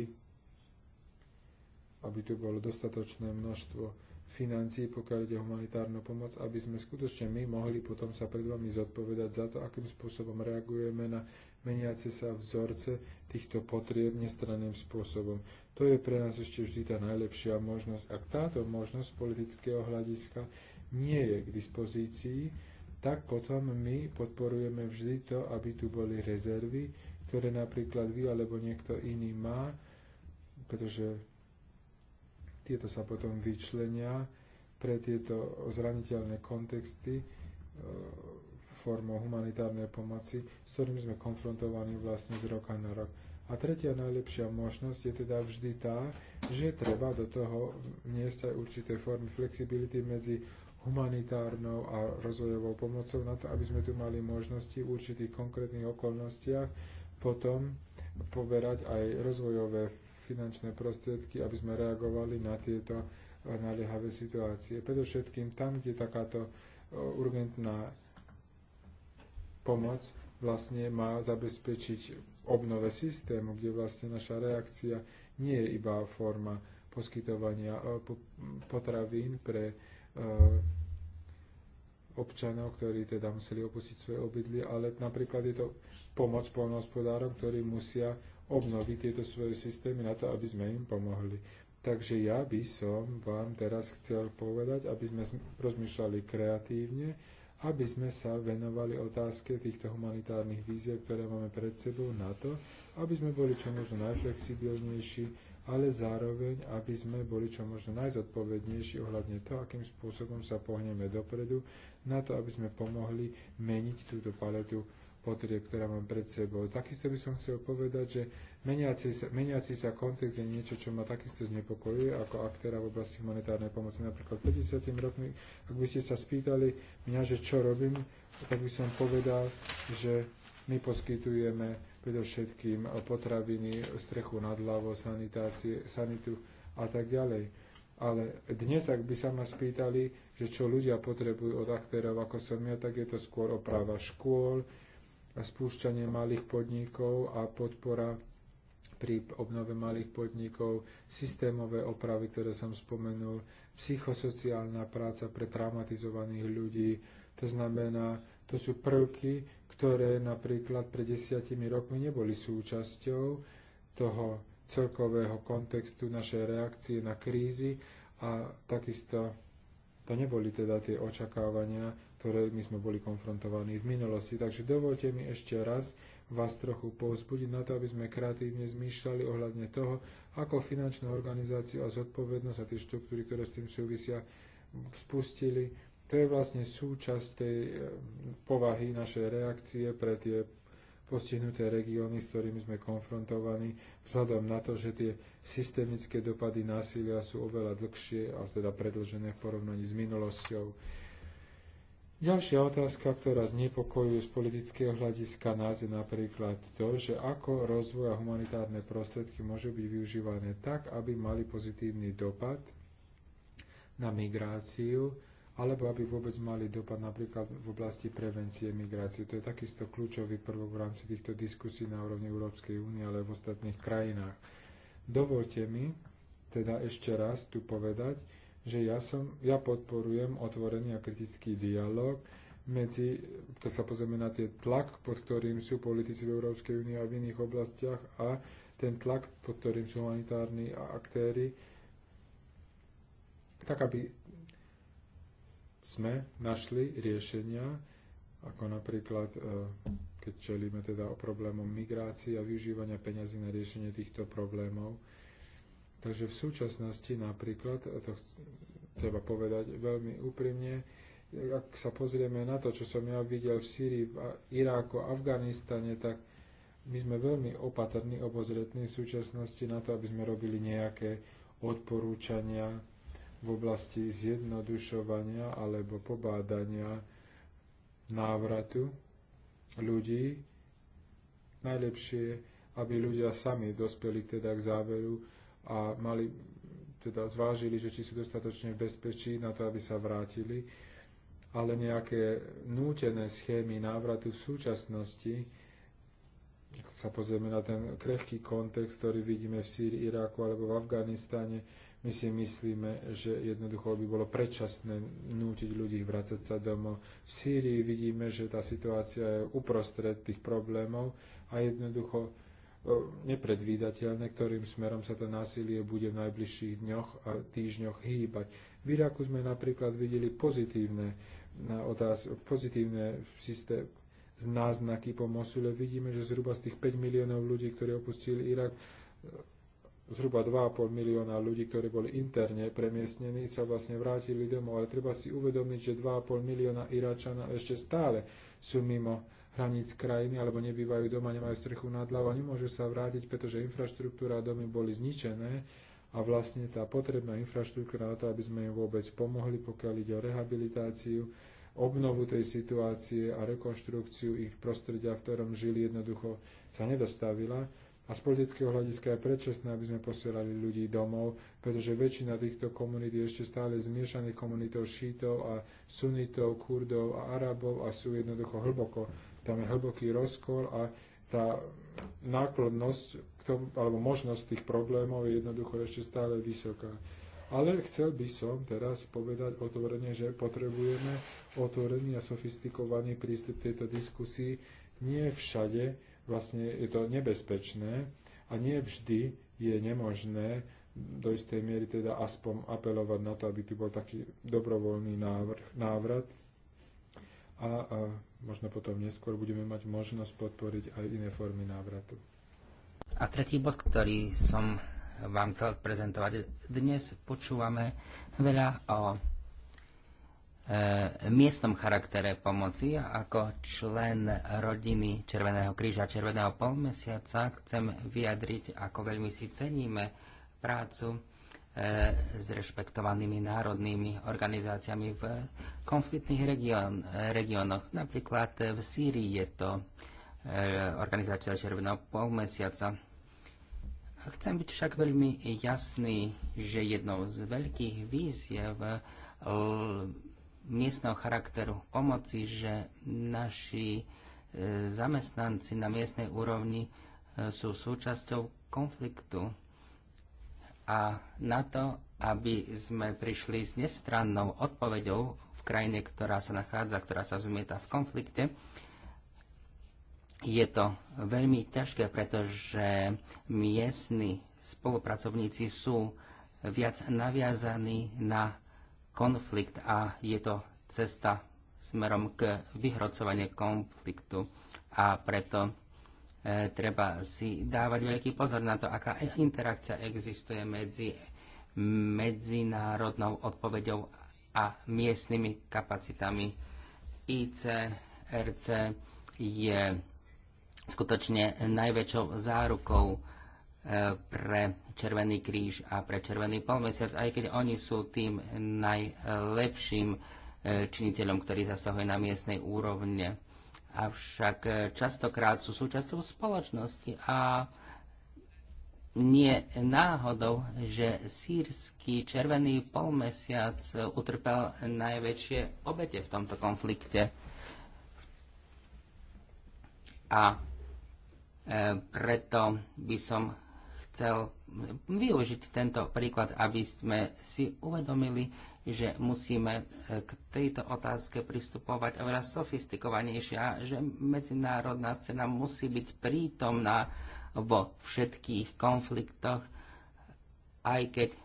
aby tu bolo dostatočné množstvo financií, pokiaľ ide humanitárnu pomoc, aby sme skutočne my mohli potom sa pred vami zodpovedať za to, akým spôsobom reagujeme na meniace sa vzorce týchto potrieb nestranným spôsobom. To je pre nás ešte vždy tá najlepšia možnosť. Ak táto možnosť politického hľadiska nie je k dispozícii, tak potom my podporujeme vždy to, aby tu boli rezervy, ktoré napríklad vy alebo niekto iný má, pretože tieto sa potom vyčlenia pre tieto zraniteľné kontexty e, formou humanitárnej pomoci, s ktorým sme konfrontovaní vlastne z roka na rok. A tretia najlepšia možnosť je teda vždy tá, že treba do toho vniesť aj určité formy flexibility medzi humanitárnou a rozvojovou pomocou na to, aby sme tu mali možnosti v určitých konkrétnych okolnostiach potom poberať aj rozvojové finančné prostriedky, aby sme reagovali na tieto naliehavé situácie. Predovšetkým tam, kde takáto e, urgentná pomoc vlastne má zabezpečiť obnove systému, kde vlastne naša reakcia nie je iba forma poskytovania e, potravín pre E, občanov, ktorí teda museli opustiť svoje obydlie, ale napríklad je to pomoc poľnohospodárom, ktorí musia obnoviť tieto svoje systémy na to, aby sme im pomohli. Takže ja by som vám teraz chcel povedať, aby sme rozmýšľali kreatívne, aby sme sa venovali otázke týchto humanitárnych víziev, ktoré máme pred sebou na to, aby sme boli čo možno najflexibilnejší, ale zároveň, aby sme boli čo možno najzodpovednejší ohľadne to, akým spôsobom sa pohneme dopredu, na to, aby sme pomohli meniť túto paletu potrieb, ktorá mám pred sebou. Takisto by som chcel povedať, že meniaci sa, meniaci sa kontext je niečo, čo ma takisto znepokojuje ako aktéra v oblasti monetárnej pomoci. Napríklad 50. rokmi, ak by ste sa spýtali mňa, že čo robím, tak by som povedal, že my poskytujeme predovšetkým potraviny, strechu nad hlavou, sanitácie, sanitu a tak ďalej. Ale dnes, ak by sa ma spýtali, že čo ľudia potrebujú od aktérov, ako som ja, tak je to skôr oprava škôl, spúšťanie malých podnikov a podpora pri obnove malých podnikov, systémové opravy, ktoré som spomenul, psychosociálna práca pre traumatizovaných ľudí, to znamená to sú prvky, ktoré napríklad pred desiatimi rokmi neboli súčasťou toho celkového kontextu našej reakcie na krízy a takisto to neboli teda tie očakávania, ktoré my sme boli konfrontovaní v minulosti. Takže dovolte mi ešte raz vás trochu povzbudiť na to, aby sme kreatívne zmýšľali ohľadne toho, ako finančnú organizáciu a zodpovednosť a tie štruktúry, ktoré s tým súvisia, spustili to je vlastne súčasť tej eh, povahy našej reakcie pre tie postihnuté regióny, s ktorými sme konfrontovaní, vzhľadom na to, že tie systemické dopady násilia sú oveľa dlhšie a teda predlžené v porovnaní s minulosťou. Ďalšia otázka, ktorá znepokojuje z politického hľadiska nás je napríklad to, že ako rozvoj a humanitárne prostriedky môžu byť využívané tak, aby mali pozitívny dopad na migráciu, alebo aby vôbec mali dopad napríklad v oblasti prevencie migrácie. To je takisto kľúčový prvok v rámci týchto diskusí na úrovni Európskej únie, ale v ostatných krajinách. Dovolte mi teda ešte raz tu povedať, že ja, som, ja podporujem otvorený a kritický dialog medzi, keď sa pozrieme na tie tlak, pod ktorým sú politici v Európskej únie a v iných oblastiach a ten tlak, pod ktorým sú humanitárni aktéry, tak aby sme našli riešenia, ako napríklad, e, keď čelíme teda o problémom migrácie a využívania peňazí na riešenie týchto problémov. Takže v súčasnosti napríklad, to treba povedať veľmi úprimne, ak sa pozrieme na to, čo som ja videl v Sýrii, v Iráku, Afganistane, tak my sme veľmi opatrní, obozretní v súčasnosti na to, aby sme robili nejaké odporúčania, v oblasti zjednodušovania alebo pobádania návratu ľudí. Najlepšie, aby ľudia sami dospeli teda k záveru a mali, teda zvážili, že či sú dostatočne v bezpečí na to, aby sa vrátili. Ale nejaké nútené schémy návratu v súčasnosti, ak sa pozrieme na ten krehký kontext, ktorý vidíme v Sýrii, Iraku alebo v Afganistane, my si myslíme, že jednoducho by bolo predčasné nútiť ľudí vrácať sa domov. V Sýrii vidíme, že tá situácia je uprostred tých problémov a jednoducho e, nepredvídateľné, ktorým smerom sa to násilie bude v najbližších dňoch a týždňoch hýbať. V Iraku sme napríklad videli pozitívne, na otáz- pozitívne systém, z náznaky po Mosule. Vidíme, že zhruba z tých 5 miliónov ľudí, ktorí opustili Irak, zhruba 2,5 milióna ľudí, ktorí boli interne premiestnení, sa vlastne vrátili domov. Ale treba si uvedomiť, že 2,5 milióna Iračanov ešte stále sú mimo hraníc krajiny alebo nebývajú doma, nemajú strechu nad hlavou, nemôžu sa vrátiť, pretože infraštruktúra a domy boli zničené a vlastne tá potrebná infraštruktúra na to, aby sme im vôbec pomohli, pokiaľ ide o rehabilitáciu, obnovu tej situácie a rekonštrukciu ich prostredia, v ktorom žili, jednoducho sa nedostavila a z politického hľadiska je predčasné, aby sme posielali ľudí domov, pretože väčšina týchto komunít je ešte stále zmiešaných komunitou šítov a sunitov, kurdov a arabov a sú jednoducho hlboko. Tam je hlboký rozkol a tá náklonnosť k tomu, alebo možnosť tých problémov je jednoducho ešte stále vysoká. Ale chcel by som teraz povedať otvorene, že potrebujeme otvorený a sofistikovaný prístup tejto diskusii. Nie všade vlastne je to nebezpečné a nie vždy je nemožné do istej miery teda aspoň apelovať na to, aby tu bol taký dobrovoľný návrh, návrat a, a možno potom neskôr budeme mať možnosť podporiť aj iné formy návratu. A tretí bod, ktorý som vám chcel prezentovať. Dnes počúvame veľa o E, miestnom charaktere pomoci. Ako člen rodiny Červeného kríža Červeného polmesiaca chcem vyjadriť, ako veľmi si ceníme prácu e, s rešpektovanými národnými organizáciami v konfliktných regiónoch. Napríklad v Sýrii je to e, organizácia Červeného polmesiaca. Chcem byť však veľmi jasný, že jednou z veľkých víziev miestneho charakteru pomoci, že naši e, zamestnanci na miestnej úrovni e, sú súčasťou konfliktu a na to, aby sme prišli s nestrannou odpoveďou v krajine, ktorá sa nachádza, ktorá sa vzmieta v konflikte, je to veľmi ťažké, pretože miestni spolupracovníci sú viac naviazaní na konflikt a je to cesta smerom k vyhrocovaniu konfliktu. A preto e, treba si dávať veľký pozor na to, aká interakcia existuje medzi medzinárodnou odpoveďou a miestnymi kapacitami. ICRC je skutočne najväčšou zárukou E, pre Červený kríž a pre Červený polmesiac, aj keď oni sú tým najlepším e, činiteľom, ktorý zasahuje na miestnej úrovne. Avšak e, častokrát sú súčasťou spoločnosti a nie náhodou, že sírsky červený polmesiac utrpel najväčšie obete v tomto konflikte. A preto by som chcel využiť tento príklad, aby sme si uvedomili, že musíme e, k tejto otázke pristupovať oveľa sofistikovanejšie a že medzinárodná scéna musí byť prítomná vo všetkých konfliktoch, aj keď e,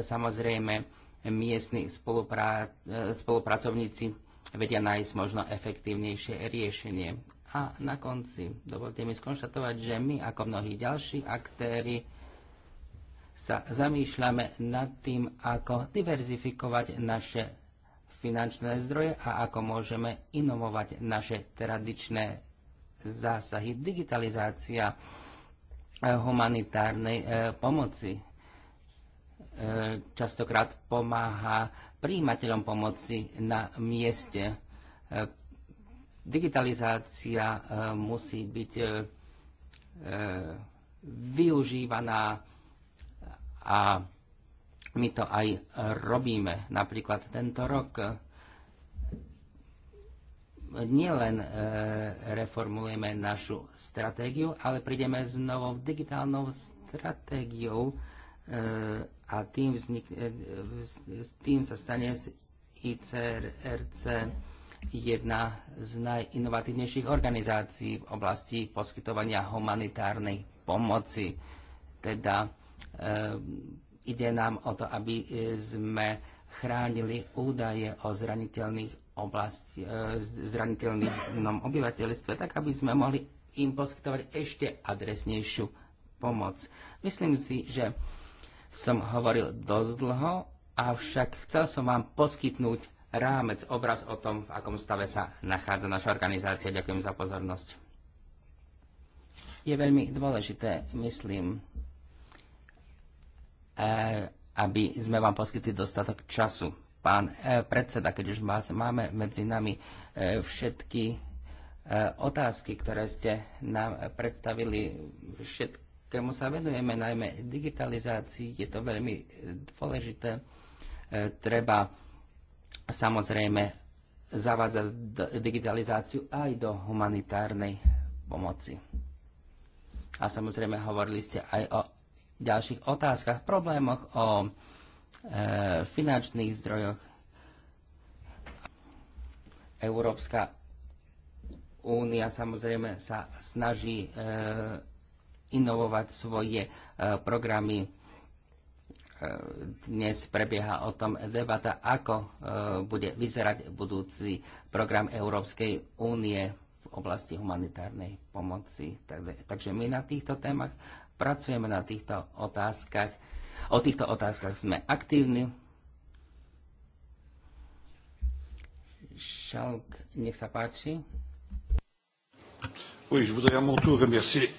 samozrejme miestni spolupra- e, spolupracovníci vedia nájsť možno efektívnejšie riešenie. A na konci dovolte mi skonštatovať, že my, ako mnohí ďalší aktéry, sa zamýšľame nad tým, ako diverzifikovať naše finančné zdroje a ako môžeme inovovať naše tradičné zásahy. Digitalizácia eh, humanitárnej eh, pomoci eh, častokrát pomáha príjimateľom pomoci na mieste digitalizácia eh, musí byť eh, eh, využívaná a my to aj robíme. Napríklad tento rok nielen reformulujeme našu stratégiu, ale prídeme s novou digitálnou stratégiou a tým, vznik, tým sa stane z ICRC jedna z najinovatívnejších organizácií v oblasti poskytovania humanitárnej pomoci. Teda e, ide nám o to, aby eh, sme chránili údaje o zraniteľných oblasti, e, eh, zraniteľnom obyvateľstve, tak aby sme mohli im poskytovať ešte adresnejšiu pomoc. Myslím si, že som hovoril dosť dlho, avšak chcel som vám poskytnúť rámec, obraz o tom, v akom stave sa nachádza naša organizácia. Ďakujem za pozornosť. Je veľmi dôležité, myslím, e, aby sme vám poskytli dostatok času. Pán e, predseda, keď už vás máme medzi nami e, všetky otázky, ktoré ste nám predstavili, všetkému sa venujeme, najmä digitalizácii, je to veľmi dôležité. Treba samozrejme zavádza digitalizáciu aj do humanitárnej pomoci. A samozrejme hovorili ste aj o ďalších otázkach, problémoch, o e, finančných zdrojoch. Európska únia samozrejme sa snaží e, inovovať svoje e, programy dnes prebieha o tom debata, ako e, bude vyzerať budúci program Európskej únie v oblasti humanitárnej pomoci. Takže my na týchto témach pracujeme, na týchto otázkach. O týchto otázkach sme aktívni. Šalk, nech sa páči. Oui, je voudrais à mon tour remercier.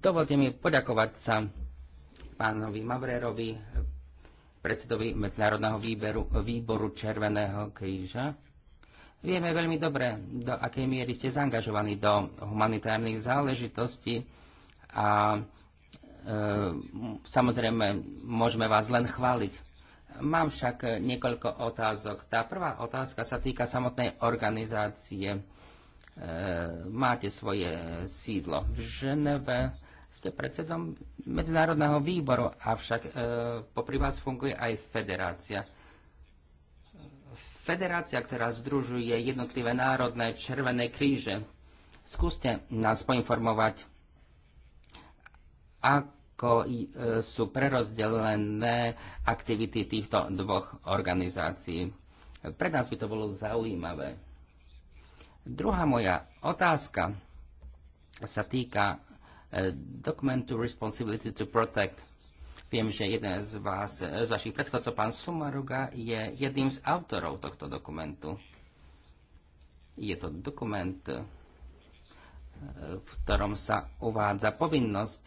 Dovolte mi poďakovať sa pánovi Mavrerovi, predsedovi Medzinárodného výberu, výboru Červeného kríža. Vieme veľmi dobre, do akej miery ste zaangažovaní do humanitárnych záležitostí a e, samozrejme môžeme vás len chváliť. Mám však niekoľko otázok. Tá prvá otázka sa týka samotnej organizácie. E, máte svoje sídlo v Ženeve, ste predsedom Medzinárodného výboru, avšak e, popri vás funguje aj federácia. Federácia, ktorá združuje jednotlivé národné červené kríže. Skúste nás poinformovať, ako e, sú prerozdelené aktivity týchto dvoch organizácií. Pre nás by to bolo zaujímavé. Druhá moja otázka sa týka E, dokumentu Responsibility to Protect. Viem, že jeden z, vás, e, z vašich predchodcov, pán Sumaruga, je jedným z autorov tohto dokumentu. Je to dokument, e, v ktorom sa uvádza povinnosť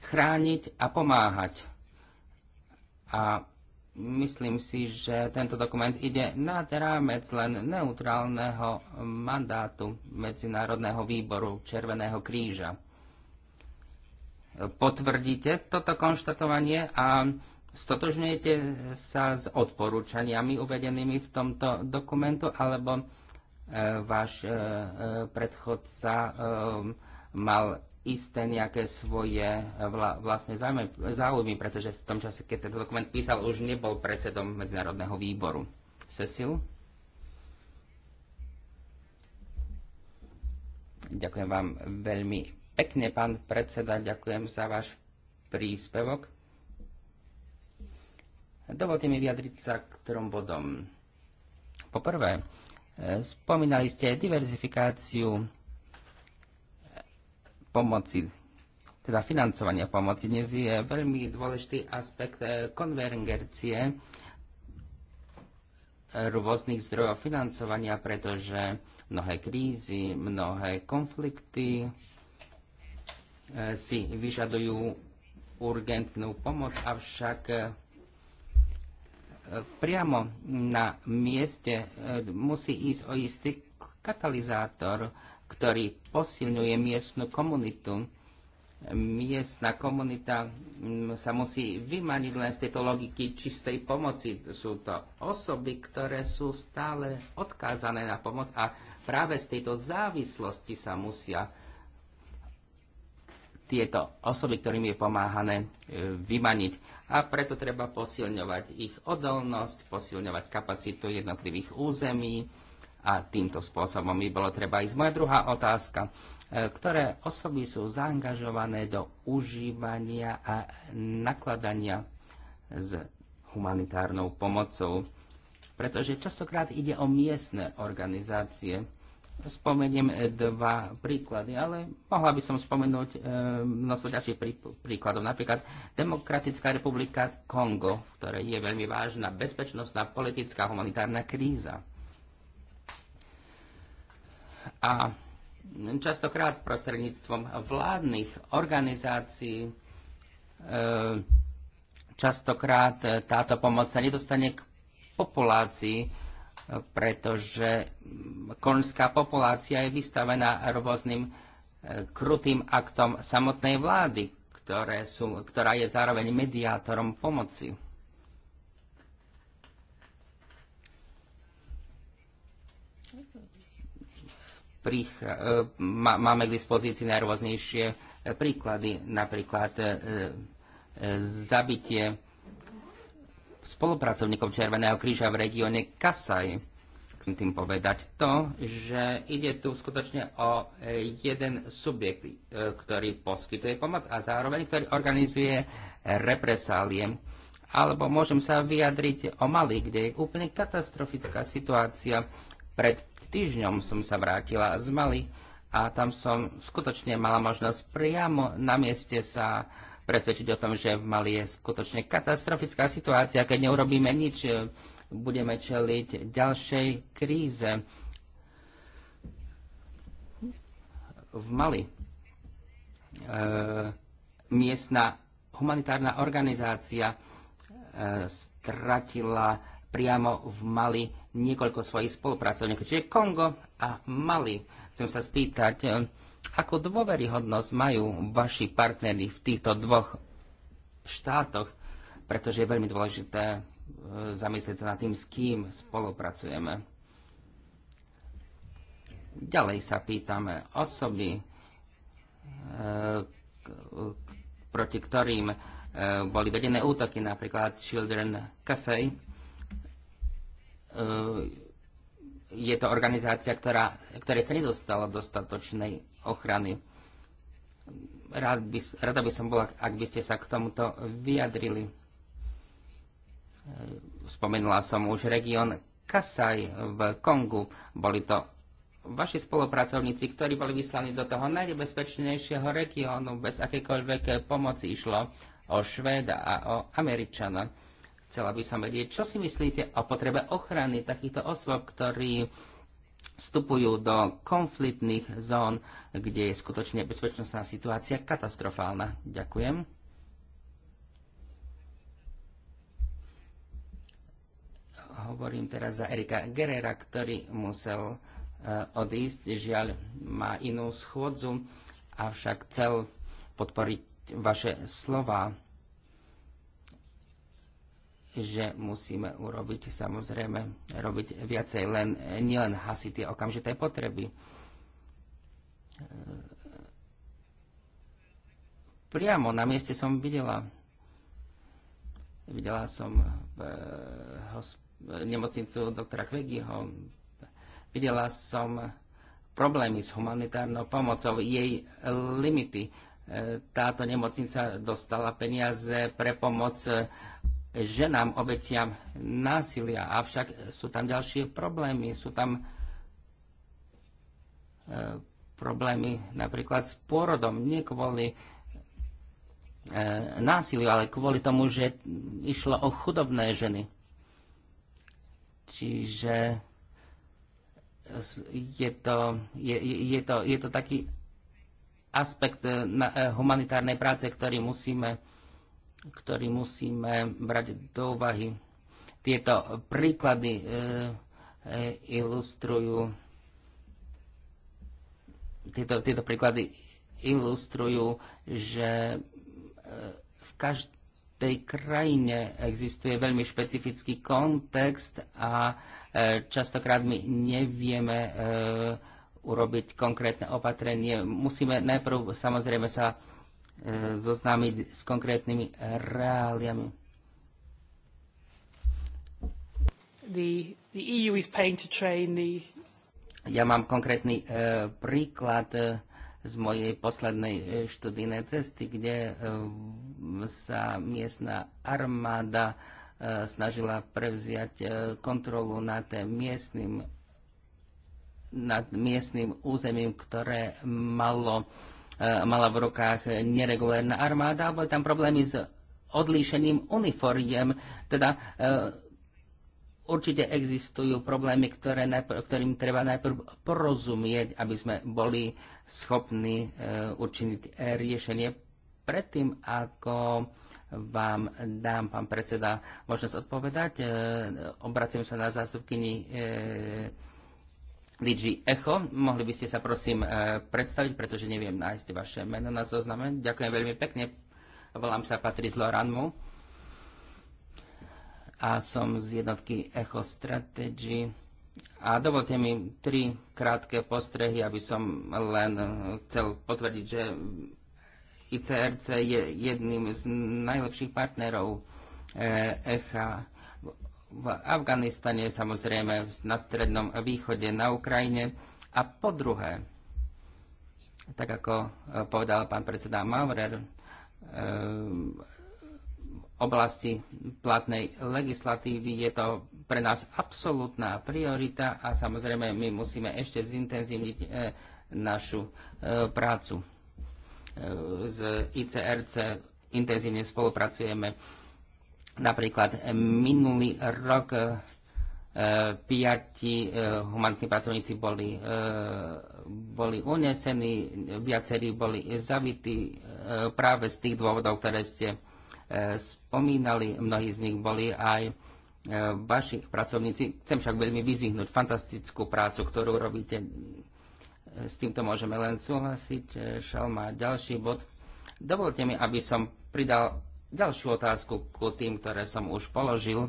chrániť a pomáhať. A myslím si, že tento dokument ide nad rámec len neutrálneho mandátu Medzinárodného výboru Červeného kríža potvrdíte toto konštatovanie a stotožňujete sa s odporúčaniami uvedenými v tomto dokumentu, alebo e, váš e, e, predchodca mal isté nejaké svoje vlastné záujmy, záujmy, pretože v tom čase, keď tento dokument písal, už nebol predsedom Medzinárodného výboru. Cecil? Ďakujem vám veľmi pekne, pán predseda, ďakujem za váš príspevok. Dovolte mi vyjadriť sa k trom bodom. Poprvé, e, spomínali ste diverzifikáciu e, pomoci, teda financovania pomoci. Dnes je veľmi dôležitý aspekt e, konvergencie rôznych zdrojov financovania, pretože mnohé krízy, mnohé konflikty, E, si vyžadujú urgentnú pomoc, avšak e, priamo na mieste e, musí ísť o istý katalizátor, ktorý posilňuje miestnu komunitu. Miestna komunita sa musí vymaniť len z tejto logiky čistej pomoci. Sú to osoby, ktoré sú stále odkázané na pomoc a práve z tejto závislosti sa musia tieto osoby, ktorým je pomáhané, e, vymaniť. A preto treba posilňovať ich odolnosť, posilňovať kapacitu jednotlivých území a týmto spôsobom by bolo treba ísť. Moja druhá otázka. E, ktoré osoby sú zaangažované do užívania a nakladania s humanitárnou pomocou? Pretože častokrát ide o miestne organizácie, spomeniem e, dva príklady, ale mohla by som spomenúť e, množstvo ďalších príkladov. Napríklad Demokratická republika Kongo, v ktorej je veľmi vážna bezpečnostná, politická, humanitárna kríza. A častokrát prostredníctvom vládnych organizácií e, častokrát táto pomoc sa nedostane k populácii, pretože konská populácia je vystavená rôznym e, krutým aktom samotnej vlády, ktoré sú, ktorá je zároveň mediátorom pomoci. Prich, e, má, máme k dispozícii najrôznejšie e, príklady, napríklad e, e, zabitie spolupracovníkov Červeného kríža v regióne Kasaj. Chcem tým povedať to, že ide tu skutočne o e, jeden subjekt, e, ktorý poskytuje pomoc a zároveň ktorý organizuje represálie. Alebo môžem sa vyjadriť o Mali, kde je úplne katastrofická situácia. Pred týždňom som sa vrátila z Mali a tam som skutočne mala možnosť priamo na mieste sa presvedčiť o tom, že v Mali je skutočne katastrofická situácia. Keď neurobíme nič, e, budeme čeliť ďalšej kríze v Mali. E, miestna humanitárna organizácia e, stratila priamo v Mali niekoľko svojich spolupracovníkov, čiže Kongo a Mali. Chcem sa spýtať, e, Akú dôveryhodnosť majú vaši partnery v týchto dvoch štátoch, pretože je veľmi dôležité e, zamyslieť sa nad tým, s kým spolupracujeme. Ďalej sa pýtame osoby, e, proti ktorým e, boli vedené útoky, napríklad Children Cafe je to organizácia, ktorá, ktorej sa nedostala dostatočnej ochrany. Rád by, rada by som bola, ak by ste sa k tomuto vyjadrili. E, spomenula som už región Kasaj v Kongu. Boli to vaši spolupracovníci, ktorí boli vyslaní do toho najnebezpečnejšieho regiónu, bez akékoľvek pomoci išlo o Švéda a o Američana Chcela by som vedieť, čo si myslíte o potrebe ochrany takýchto osôb, ktorí vstupujú do konfliktných zón, kde je skutočne bezpečnostná situácia katastrofálna. Ďakujem. Hovorím teraz za Erika Gerera, ktorý musel e, odísť. Žiaľ, má inú schôdzu, avšak chcel podporiť vaše slova že musíme urobiť samozrejme robiť viacej len, nielen hasiť tie okamžité potreby. E, priamo na mieste som videla videla som v e, nemocnicu doktora Kvegiho, videla som problémy s humanitárnou pomocou, jej limity. E, táto nemocnica dostala peniaze pre pomoc ženám, obetiam násilia. Avšak sú tam ďalšie problémy. Sú tam e, problémy napríklad s pôrodom. Nie kvôli e, násiliu, ale kvôli tomu, že išlo o chudobné ženy. Čiže je to, je, je to, je to taký aspekt e, na, humanitárnej práce, ktorý musíme ktorý musíme brať do úvahy. Tieto príklady e, e, ilustrujú tieto, tieto príklady ilustrujú, že e, v každej krajine existuje veľmi špecifický kontext a častokrát my nevieme urobiť konkrétne opatrenie. Musíme najprv samozrejme sa Eh, zoznámiť s konkrétnymi reáliami. The, the EU is paying to train the... Ja mám konkrétny eh, príklad eh, z mojej poslednej študijnej cesty, kde sa miestna armáda snažila prevziať kontrolu nad miestnym, nad miestnym územím, ktoré malo uh, E, mala v rukách neregulárna armáda a boli tam problémy s odlíšeným uniformiem. Teda e, určite existujú problémy, ktoré najprv, ktorým treba najprv porozumieť, aby sme boli schopní e, určiť riešenie predtým, ako vám dám, pán predseda, možnosť odpovedať. Obraciam sa na zástupkyni DG Echo. Mohli by ste sa prosím e, predstaviť, pretože neviem nájsť vaše meno na zozname. Ďakujem veľmi pekne. Volám sa Patrice Loranmu a som z jednotky Echo Strategy. A dovolte mi tri krátke postrehy, aby som len e, chcel potvrdiť, že ICRC je jedným z najlepších partnerov e, ECHA v Afganistane, samozrejme na Strednom východe, na Ukrajine. A po druhé, tak ako e, povedal pán predseda Maurer, e, v oblasti platnej legislatívy je to pre nás absolútna priorita a samozrejme my musíme ešte zintenzívniť e, našu prácu. Z ICRC intenzívne spolupracujeme Napríklad eh, minulý rok e, piati e, humanitní pracovníci boli, e, boli unesení, viacerí boli zabití práve z tých dôvodov, ktoré ste spomínali. Mnohí z nich boli aj vaši pracovníci. Chcem však veľmi vyzvihnúť fantastickú prácu, ktorú robíte. S týmto môžeme len súhlasiť. Šal ďalší bod. Dovolte mi, aby som pridal ďalšiu otázku ku tým, ktoré som už položil.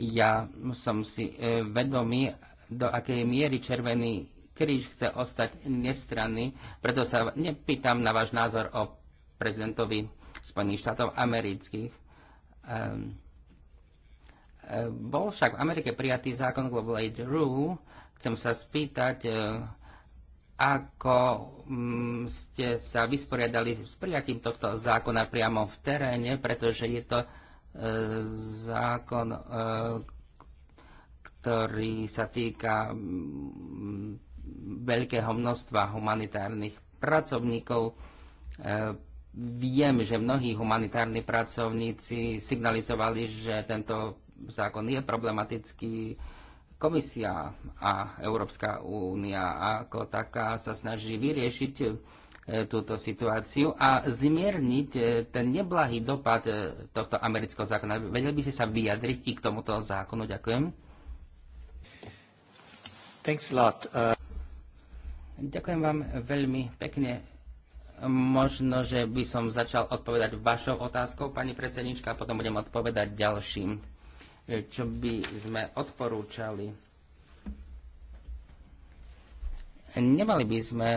Ja som si e, vedomý, do akej miery Červený kríž chce ostať nestranný, preto sa nepýtam na váš názor o prezidentovi Spojených štátov amerických. Um, bol však v Amerike prijatý zákon Global Aid Rule. Chcem sa spýtať, e, ako mm, ste sa vysporiadali s prijatím tohto zákona priamo v teréne, pretože je to e, zákon, e, ktorý sa týka mm, veľkého množstva humanitárnych pracovníkov. E, viem, že mnohí humanitárni pracovníci signalizovali, že tento zákon je problematický, Komisia a Európska únia ako taká sa snaží vyriešiť e, túto situáciu a zmierniť e, ten neblahý dopad e, tohto amerického zákona. Vedeli by ste sa vyjadriť i k tomuto zákonu? Ďakujem. Thanks a lot. Uh... Ďakujem vám veľmi pekne. Možno, že by som začal odpovedať vašou otázkou, pani predsednička, a potom budem odpovedať ďalším. E, čo by sme odporúčali. Nemali by sme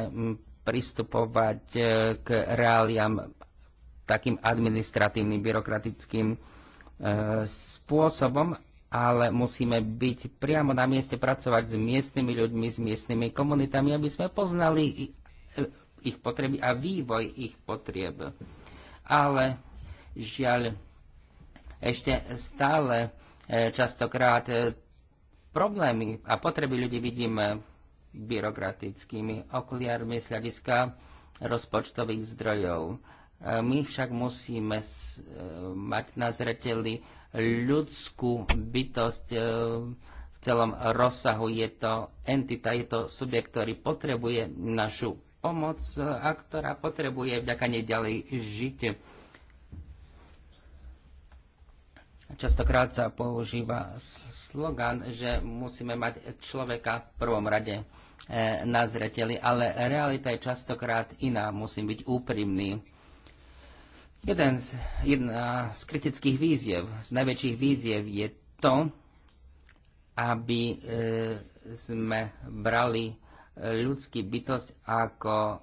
pristupovať e, k reáliam takým administratívnym, byrokratickým e, spôsobom, ale musíme byť priamo na mieste, pracovať s miestnymi ľuďmi, s miestnymi komunitami, aby sme poznali ich potreby a vývoj ich potrieb. Ale žiaľ, ešte stále E, častokrát e, problémy a potreby ľudí vidíme byrokratickými okuliarmi z hľadiska rozpočtových zdrojov. E, my však musíme mať na zreteli ľudskú bytosť v celom rozsahu. Je to entita, je to subjekt, ktorý potrebuje našu pomoc a ktorá potrebuje vďaka nej ďalej žiť Častokrát sa používa slogan, že musíme mať človeka v prvom rade e, na zreteli, ale realita je častokrát iná, musím byť úprimný. Jeden z, jedna z kritických víziev, z najväčších víziev je to, aby e, sme brali e, ľudský bytosť ako e,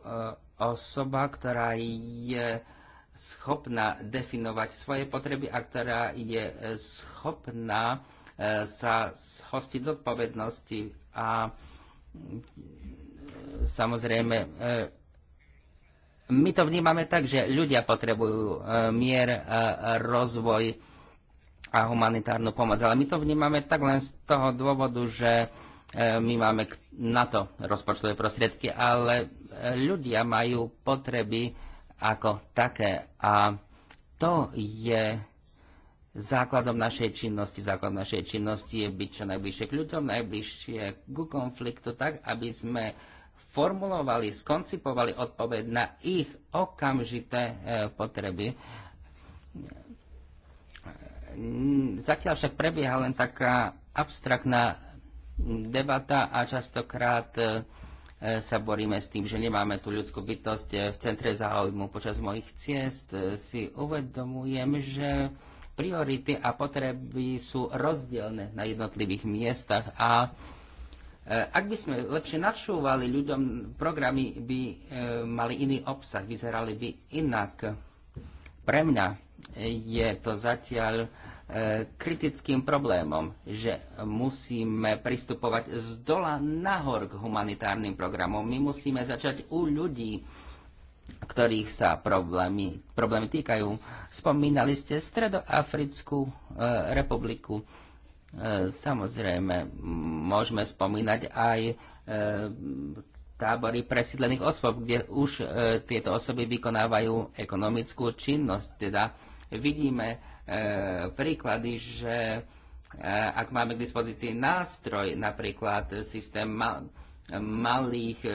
osoba, ktorá je e, schopná definovať svoje potreby a ktorá je e, schopná e, sa hostiť zodpovednosti a e, samozrejme my to vnímame tak, že ľudia potrebujú mier, rozvoj a humanitárnu pomoc, ale my to vnímame tak len z toho dôvodu, že my máme na to rozpočtové prostriedky, ale ľudia majú potreby ako také. A to je základom našej činnosti. Základom našej činnosti je byť čo najbližšie k ľuďom, najbližšie ku konfliktu, tak aby sme formulovali, skoncipovali odpoveď na ich okamžité e, potreby. Zatiaľ však prebieha len taká abstraktná debata a častokrát e, E, sa boríme s tým, že nemáme tú ľudskú bytosť e, v centre záujmu. Počas mojich ciest e, si uvedomujem, že priority a potreby sú rozdielne na jednotlivých miestach a ak by sme lepšie načúvali ľuďom, programy by mali iný obsah, vyzerali by inak. Pre mňa je to zatiaľ kritickým problémom, že musíme pristupovať z dola nahor k humanitárnym programom. My musíme začať u ľudí, ktorých sa problémy, problémy týkajú. Spomínali ste Stredoafrickú e, republiku. E, samozrejme, môžeme spomínať aj e, tábory presídlených osôb, kde už e, tieto osoby vykonávajú ekonomickú činnosť. Teda vidíme, E, príklady, že e, ak máme k dispozícii nástroj, napríklad systém malých e,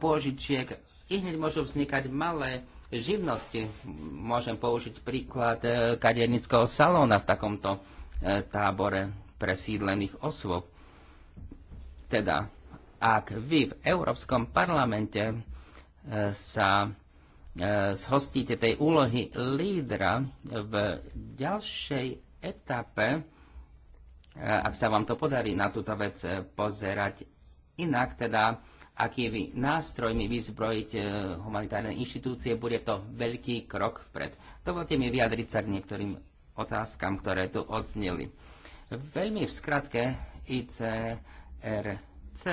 pôžičiek, i hneď môžu vznikať malé živnosti. Môžem použiť príklad kadernického salóna v takomto tábore presídlených osôb. Teda, ak vy v Európskom parlamente sa E, zhostíte tej úlohy lídra v ďalšej etape, e, ak sa vám to podarí na túto vec e, pozerať inak, teda akými nástrojmi vyzbrojiť humanitárne inštitúcie, bude to veľký krok vpred. Dovolte mi vyjadriť sa k niektorým otázkam, ktoré tu odzneli. Veľmi v skratke ICRC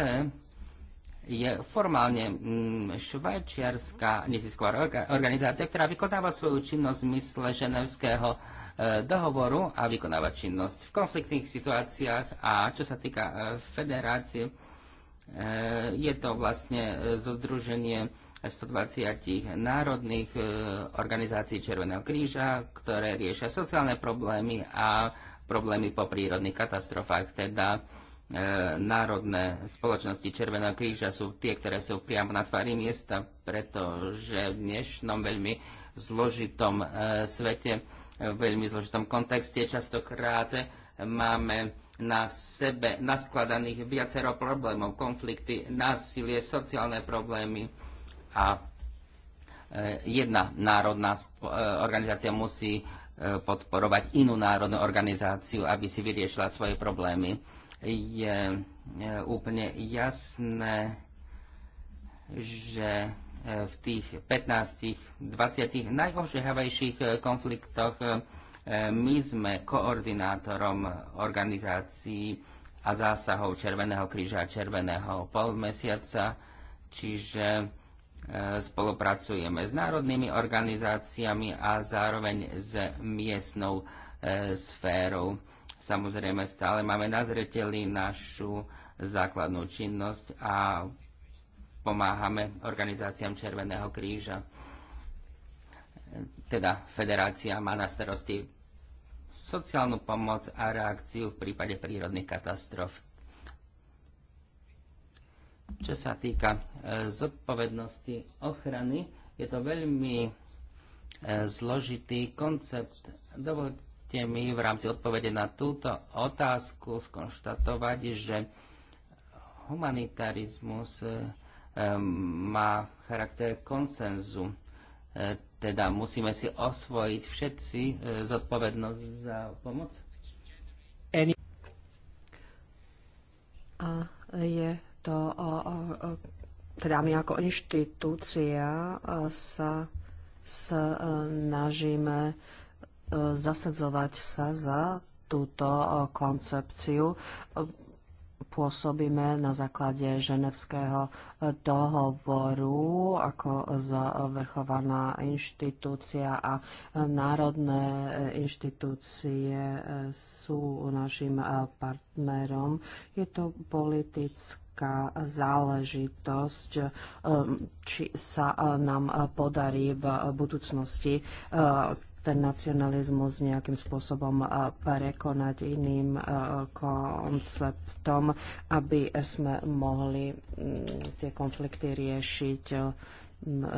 je formálne mm, švajčiarská nezisková organizácia, ktorá vykonáva svoju činnosť v mysle ženevského e, dohovoru a vykonáva činnosť v konfliktných situáciách a čo sa týka e, federácie, e, je to vlastne zozdruženie 120 národných organizácií Červeného kríža, ktoré riešia sociálne problémy a problémy po prírodných katastrofách. Teda E, národné spoločnosti Červeného kríža sú tie, ktoré sú priamo na tvári miesta, pretože v dnešnom veľmi zložitom e, svete, v veľmi zložitom kontexte častokrát máme na sebe naskladaných viacero problémov, konflikty, násilie, sociálne problémy a e, jedna národná organizácia musí podporovať inú národnú organizáciu, aby si vyriešila svoje problémy je e, úplne jasné, že e, v tých 15-20 najožehavejších e, konfliktoch my sme koordinátorom organizácií a zásahov Červeného kríža a Červeného polmesiaca, čiže spolupracujeme s národnými organizáciami a zároveň s miestnou sférou Samozrejme, stále máme na zreteli našu základnú činnosť a pomáhame organizáciám Červeného kríža. Teda federácia má na starosti sociálnu pomoc a reakciu v prípade prírodných katastrof. Čo sa týka e, zodpovednosti ochrany, je to veľmi e, zložitý koncept. Dovolte Dovolte mi v rámci odpovede na túto otázku skonštatovať, že humanitarizmus e, má charakter konsenzu. E, teda musíme si osvojiť všetci e, zodpovednosť za pomoc. A je to, o, o, teda my ako inštitúcia sa snažíme zasadzovať sa za túto e, koncepciu. Pôsobíme na základe Ženevského e, dohovoru ako zavrchovaná inštitúcia a e, národné inštitúcie sú našim partnerom. Je to politické záležitosť, či sa nám podarí v budúcnosti ten nacionalizmus nejakým spôsobom prekonať iným konceptom, aby sme mohli mm, tie konflikty riešiť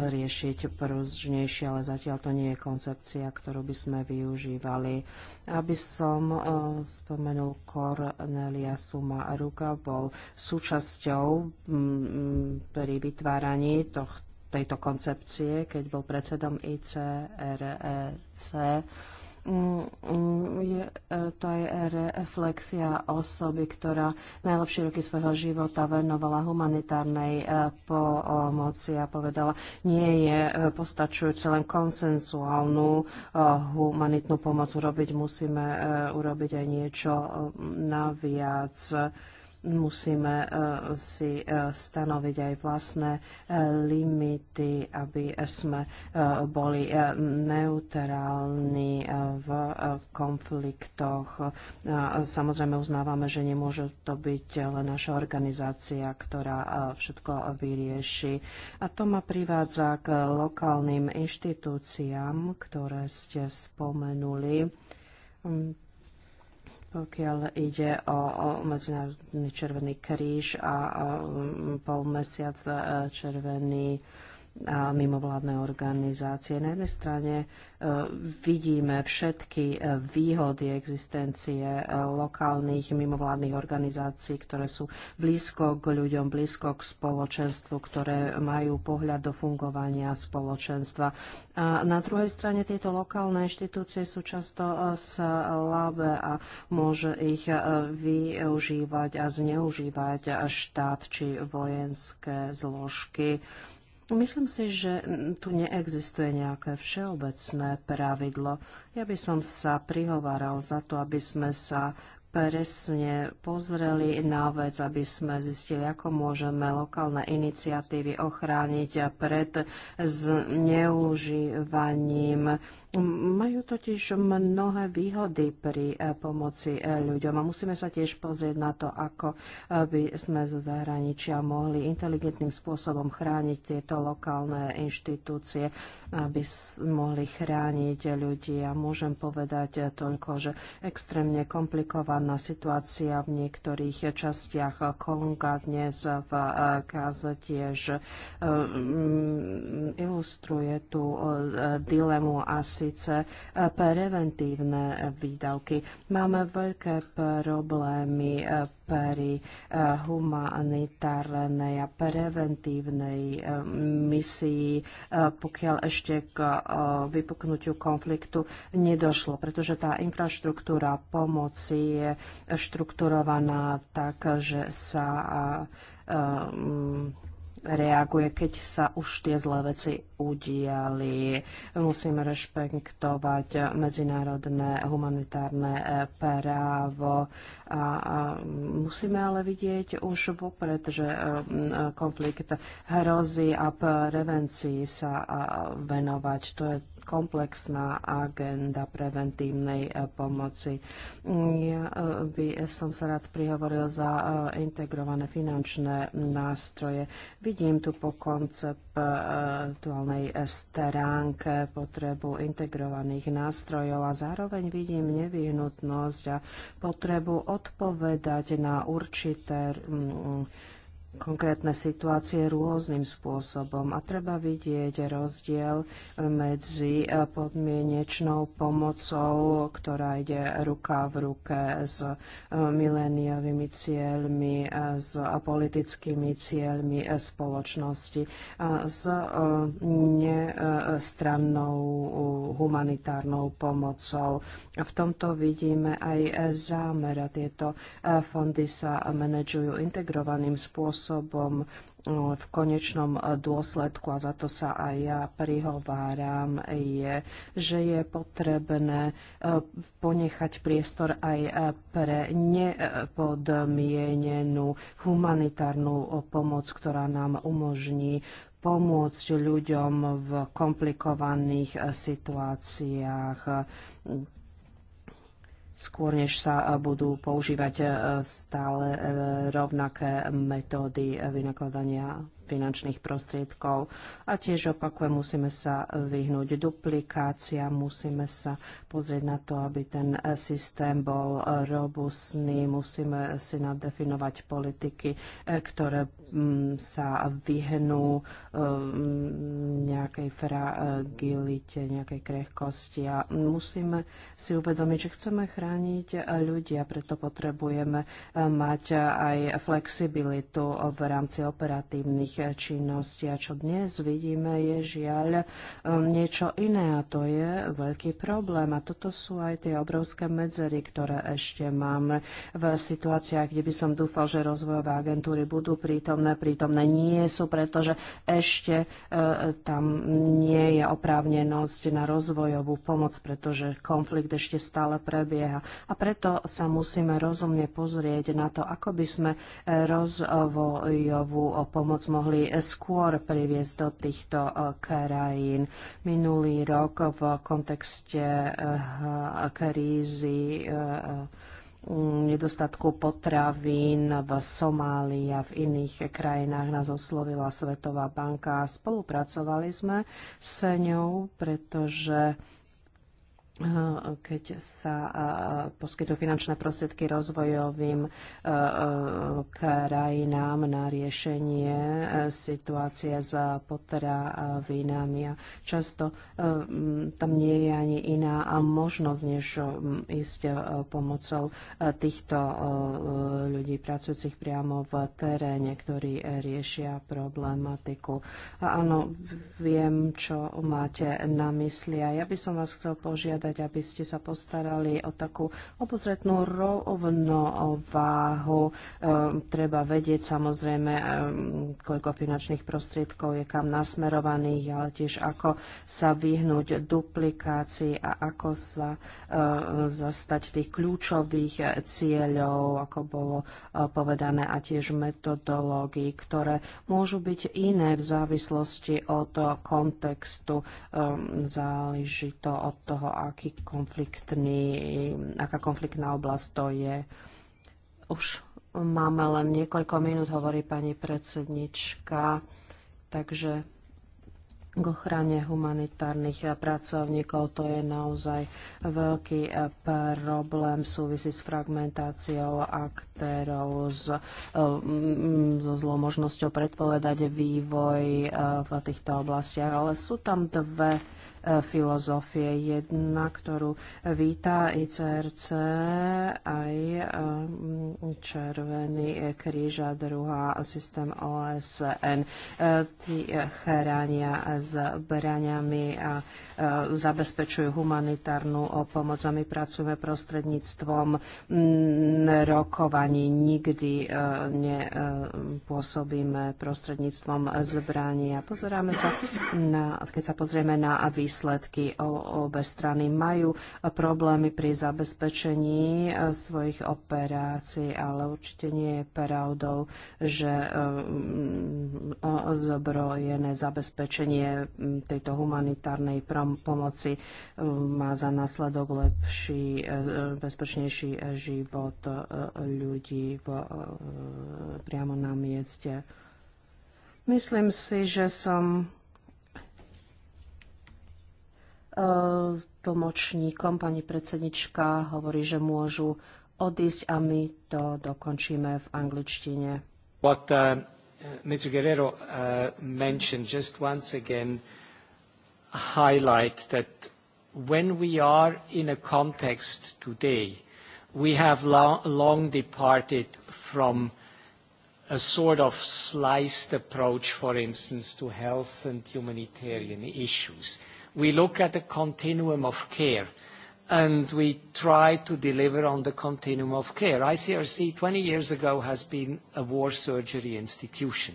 riešiť prúžnejšie, ale zatiaľ to nie je koncepcia, ktorú by sme využívali. Aby som uh, spomenul Cornelia Suma Ruka, bol súčasťou m, m, pri vytváraní tohto tejto koncepcie, keď bol predsedom ICREC, e mm, mm, je e, to aj reflexia osoby, ktorá najlepšie roky svojho života venovala humanitárnej e, pomoci a povedala, nie je postačujúce len konsensuálnu humanitnú pomoc urobiť, musíme urobiť aj niečo naviac musíme e, si e, stanoviť aj vlastné e, limity, aby sme boli neutrálni v konfliktoch. Samozrejme uznávame, že nemôže to byť len naša organizácia, ktorá všetko vyrieši. A to ma privádza k lokálnym inštitúciám, ktoré ste spomenuli pokiaľ ide o, o Medzinárodný červený kríž a, a pol mesiac e, červený a mimovládne organizácie. Na jednej strane e, vidíme všetky e, výhody existencie e, lokálnych mimovládnych organizácií, ktoré sú blízko k ľuďom, blízko k spoločenstvu, ktoré majú pohľad do fungovania spoločenstva. A na druhej strane tieto lokálne inštitúcie sú často slabé a môže ich využívať a zneužívať štát či vojenské zložky. Myslím si, že tu neexistuje nejaké všeobecné pravidlo. Ja by som sa prihováral za to, aby sme sa presne pozreli na vec, aby sme zistili, ako môžeme lokálne iniciatívy ochrániť pred zneužívaním Hm, majú totiž mnohé výhody pri e, pomoci e, ľuďom a musíme sa tiež pozrieť na to, ako e, by sme zo zahraničia mohli inteligentným spôsobom chrániť tieto lokálne inštitúcie, aby mohli chrániť ľudí. A môžem povedať toľko, že extrémne komplikovaná situácia v niektorých častiach Konga dnes v Káze tiež ilustruje tú dilemu asi síce eh, preventívne eh, výdavky. Máme veľké problémy eh, pri humanitárnej a preventívnej misii, pokiaľ ešte k vypuknutiu konfliktu nedošlo, pretože tá infraštruktúra pomoci je štrukturovaná tak, že sa mm, reaguje, keď sa už tie zlé veci udiali. Musíme rešpektovať medzinárodné humanitárne e, právo. A, musíme ale vidieť už vopred, že e, konflikt hrozí a prevencii sa venovať. To je komplexná agenda preventívnej e, pomoci. Ja e, by som sa rád prihovoril za e, integrované finančné nástroje. Vidím tu po konceptuálnej stránke potrebu integrovaných nástrojov a zároveň vidím nevyhnutnosť a potrebu odpovedať na určité konkrétne situácie rôznym spôsobom a treba vidieť rozdiel medzi eh, podmienečnou pomocou, ktorá ide ruka v ruke s eh, miléniovými cieľmi, eh, s politickými cieľmi spoločnosti, s nestrannou humanitárnou pomocou. V tomto vidíme aj zámer. Tieto fondy sa manažujú integrovaným spôsobom spôsobom eh, v konečnom eh, dôsledku, a za to sa aj ja prihováram, je, že je potrebné eh, ponechať priestor aj pre nepodmienenú humanitárnu pomoc, ktorá nám umožní pomôcť ľuďom v komplikovaných situáciách skôr než sa eh, budú používať eh, stále eh, rovnaké metódy vynakladania finančných prostriedkov. A tiež opakujem, musíme sa vyhnúť duplikácia, musíme sa pozrieť na to, aby ten systém bol robustný, musíme si nadefinovať politiky, e, ktoré mm, sa vyhnú e, mm, nejakej fragilite, nejakej krehkosti a musíme si uvedomiť, že chceme chrániť ľudí a preto potrebujeme e, mať aj flexibilitu v rámci operatívnych činnosti. A čo dnes vidíme, je žiaľ um, niečo iné a to je veľký problém. A toto sú aj tie obrovské medzery, ktoré ešte máme v situáciách, kde by som dúfal, že rozvojové agentúry budú prítomné, prítomné nie sú, pretože ešte uh, tam nie je oprávnenosť na rozvojovú pomoc, pretože konflikt ešte stále prebieha. A preto sa musíme rozumne pozrieť na to, ako by sme rozvojovú pomoc mohli mohli skôr priviesť do týchto e, krajín. Minulý rok v kontexte e, krízy e, nedostatku potravín v Somálii a v iných krajinách nás oslovila Svetová banka. Spolupracovali sme s ňou, pretože keď sa poskytujú finančné prostriedky rozvojovým krajinám na riešenie e, situácie s potravinami. A často e, tam nie je ani iná možnosť, než e, ísť pomocou týchto ľudí pracujúcich priamo v teréne, ktorí riešia problematiku. A áno, viem, čo máte na mysli a ja by som vás chcel požiadať, žiadať, aby ste sa postarali o takú obozretnú rovnováhu. Ehm, treba vedieť samozrejme, ehm, koľko finančných prostriedkov je kam nasmerovaných, ale tiež ako sa vyhnúť duplikácii a ako sa ehm, zastať tých kľúčových cieľov, ako bolo povedané, a tiež metodológií, ktoré môžu byť iné v závislosti od kontextu, záleží to od toho, ak aký konfliktný, aká konfliktná oblasť to je. Už máme len niekoľko minút, hovorí pani predsednička, takže k ochrane humanitárnych pracovníkov. To je naozaj veľký problém súvisí s fragmentáciou aktérov, s, mm, so zlou možnosťou predpovedať vývoj eh, v týchto oblastiach. Ale sú tam dve filozofie. Jedna, ktorú víta ICRC aj um, Červený kríž a druhá systém OSN. E, tí e, chránia zbraňami a e, zabezpečujú humanitárnu pomoc a my pracujeme prostredníctvom mm, rokovaní. Nikdy nepôsobíme prostredníctvom zbraní a pozeráme sa na, keď sa pozrieme na výsledky výsledky. Obe strany majú problémy pri zabezpečení e, svojich operácií, ale určite nie je pravdou, že e, zbrojené zabezpečenie tejto humanitárnej pomoci e, má za následok lepší, bezpečnejší život ľudí priamo na mieste. Myslím si, že som E, tlmočníkom. Pani predsednička hovorí, že môžu odísť a my to dokončíme v angličtine. What uh, Mr. Guerrero uh, mentioned just once again highlight that when we are in a context today, we have long, long departed from a sort of sliced approach, for instance, to health and humanitarian issues we look at the continuum of care, and we try to deliver on the continuum of care. ICRC, 20 years ago, has been a war surgery institution.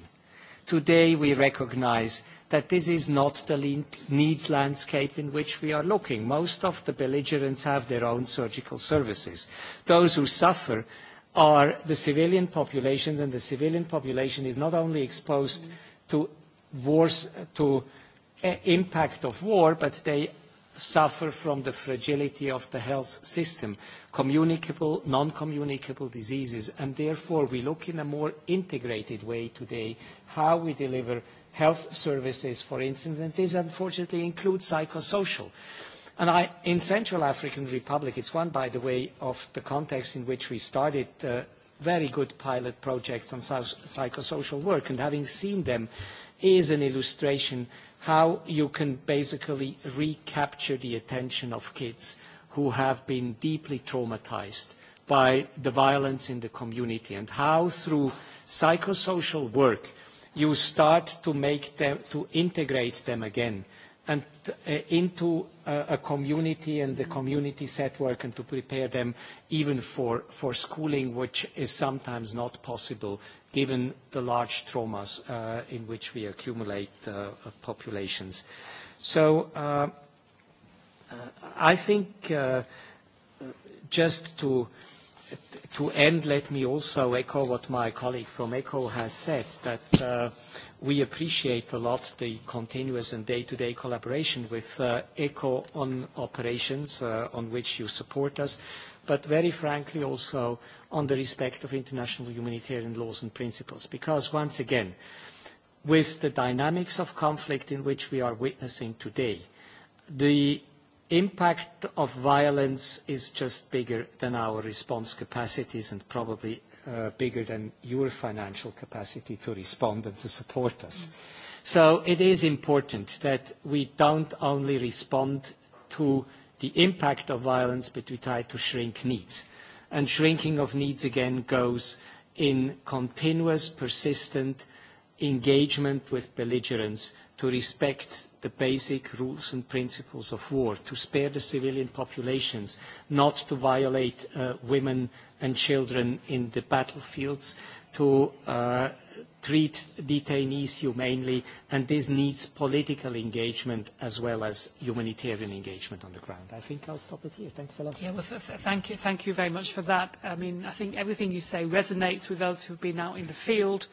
Today, we recognize that this is not the needs landscape in which we are looking. Most of the belligerents have their own surgical services. Those who suffer are the civilian populations, and the civilian population is not only exposed to wars, to impact of war, but they suffer from the fragility of the health system, communicable, non-communicable diseases, and therefore we look in a more integrated way today how we deliver health services, for instance, and this unfortunately includes psychosocial. And I, in Central African Republic, it's one, by the way, of the context in which we started uh, very good pilot projects on psychosocial work, and having seen them is an illustration how you can basically recapture the attention of kids who have been deeply traumatized by the violence in the community and how through psychosocial work you start to make them to integrate them again and uh, into a community and the community set work and to prepare them even for, for schooling, which is sometimes not possible given the large traumas uh, in which we accumulate uh, populations. So I think just to end, let me also echo what my colleague from ECHO has said, that we appreciate a lot the continuous and day-to-day -day collaboration with uh, ECHO on operations uh, on which you support us, but very frankly also on the respect of international humanitarian laws and principles. Because once again, with the dynamics of conflict in which we are witnessing today, the impact of violence is just bigger than our response capacities and probably Uh, bigger than your financial capacity to respond and to support us. Mm. So it is important that we don't only respond to the impact of violence, but we try to shrink needs. And shrinking of needs again goes in continuous, persistent engagement with belligerents to respect the basic rules and principles of war, to spare the civilian populations, not to violate uh, women and children in the battlefields, to uh, treat detainees humanely, and this needs political engagement as well as humanitarian engagement on the ground. I think I'll stop it here. Thanks a lot. Yeah, well, th th thank you. Thank you very much for that. I mean, I think everything you say resonates with us who've been out in the field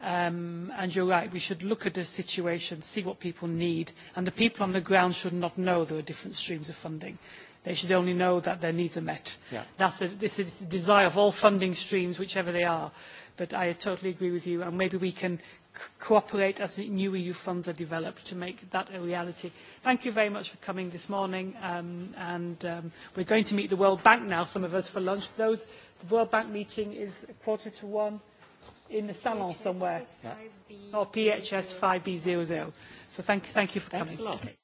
Um, and you're right, we should look at the situation, see what people need, and the people on the ground should not know there are different streams of funding. They should only know that their needs are met. Yeah. That's a, this is the desire of all funding streams, whichever they are. But I totally agree with you, and maybe we can cooperate as new EU funds are developed to make that a reality. Thank you very much for coming this morning. Um, and um, we're going to meet the World Bank now, some of us, for lunch. Those, the World Bank meeting is a quarter to one in the salon PHS somewhere. 5B or PHS 5B00. So thank, thank you for coming. Thanks a lot.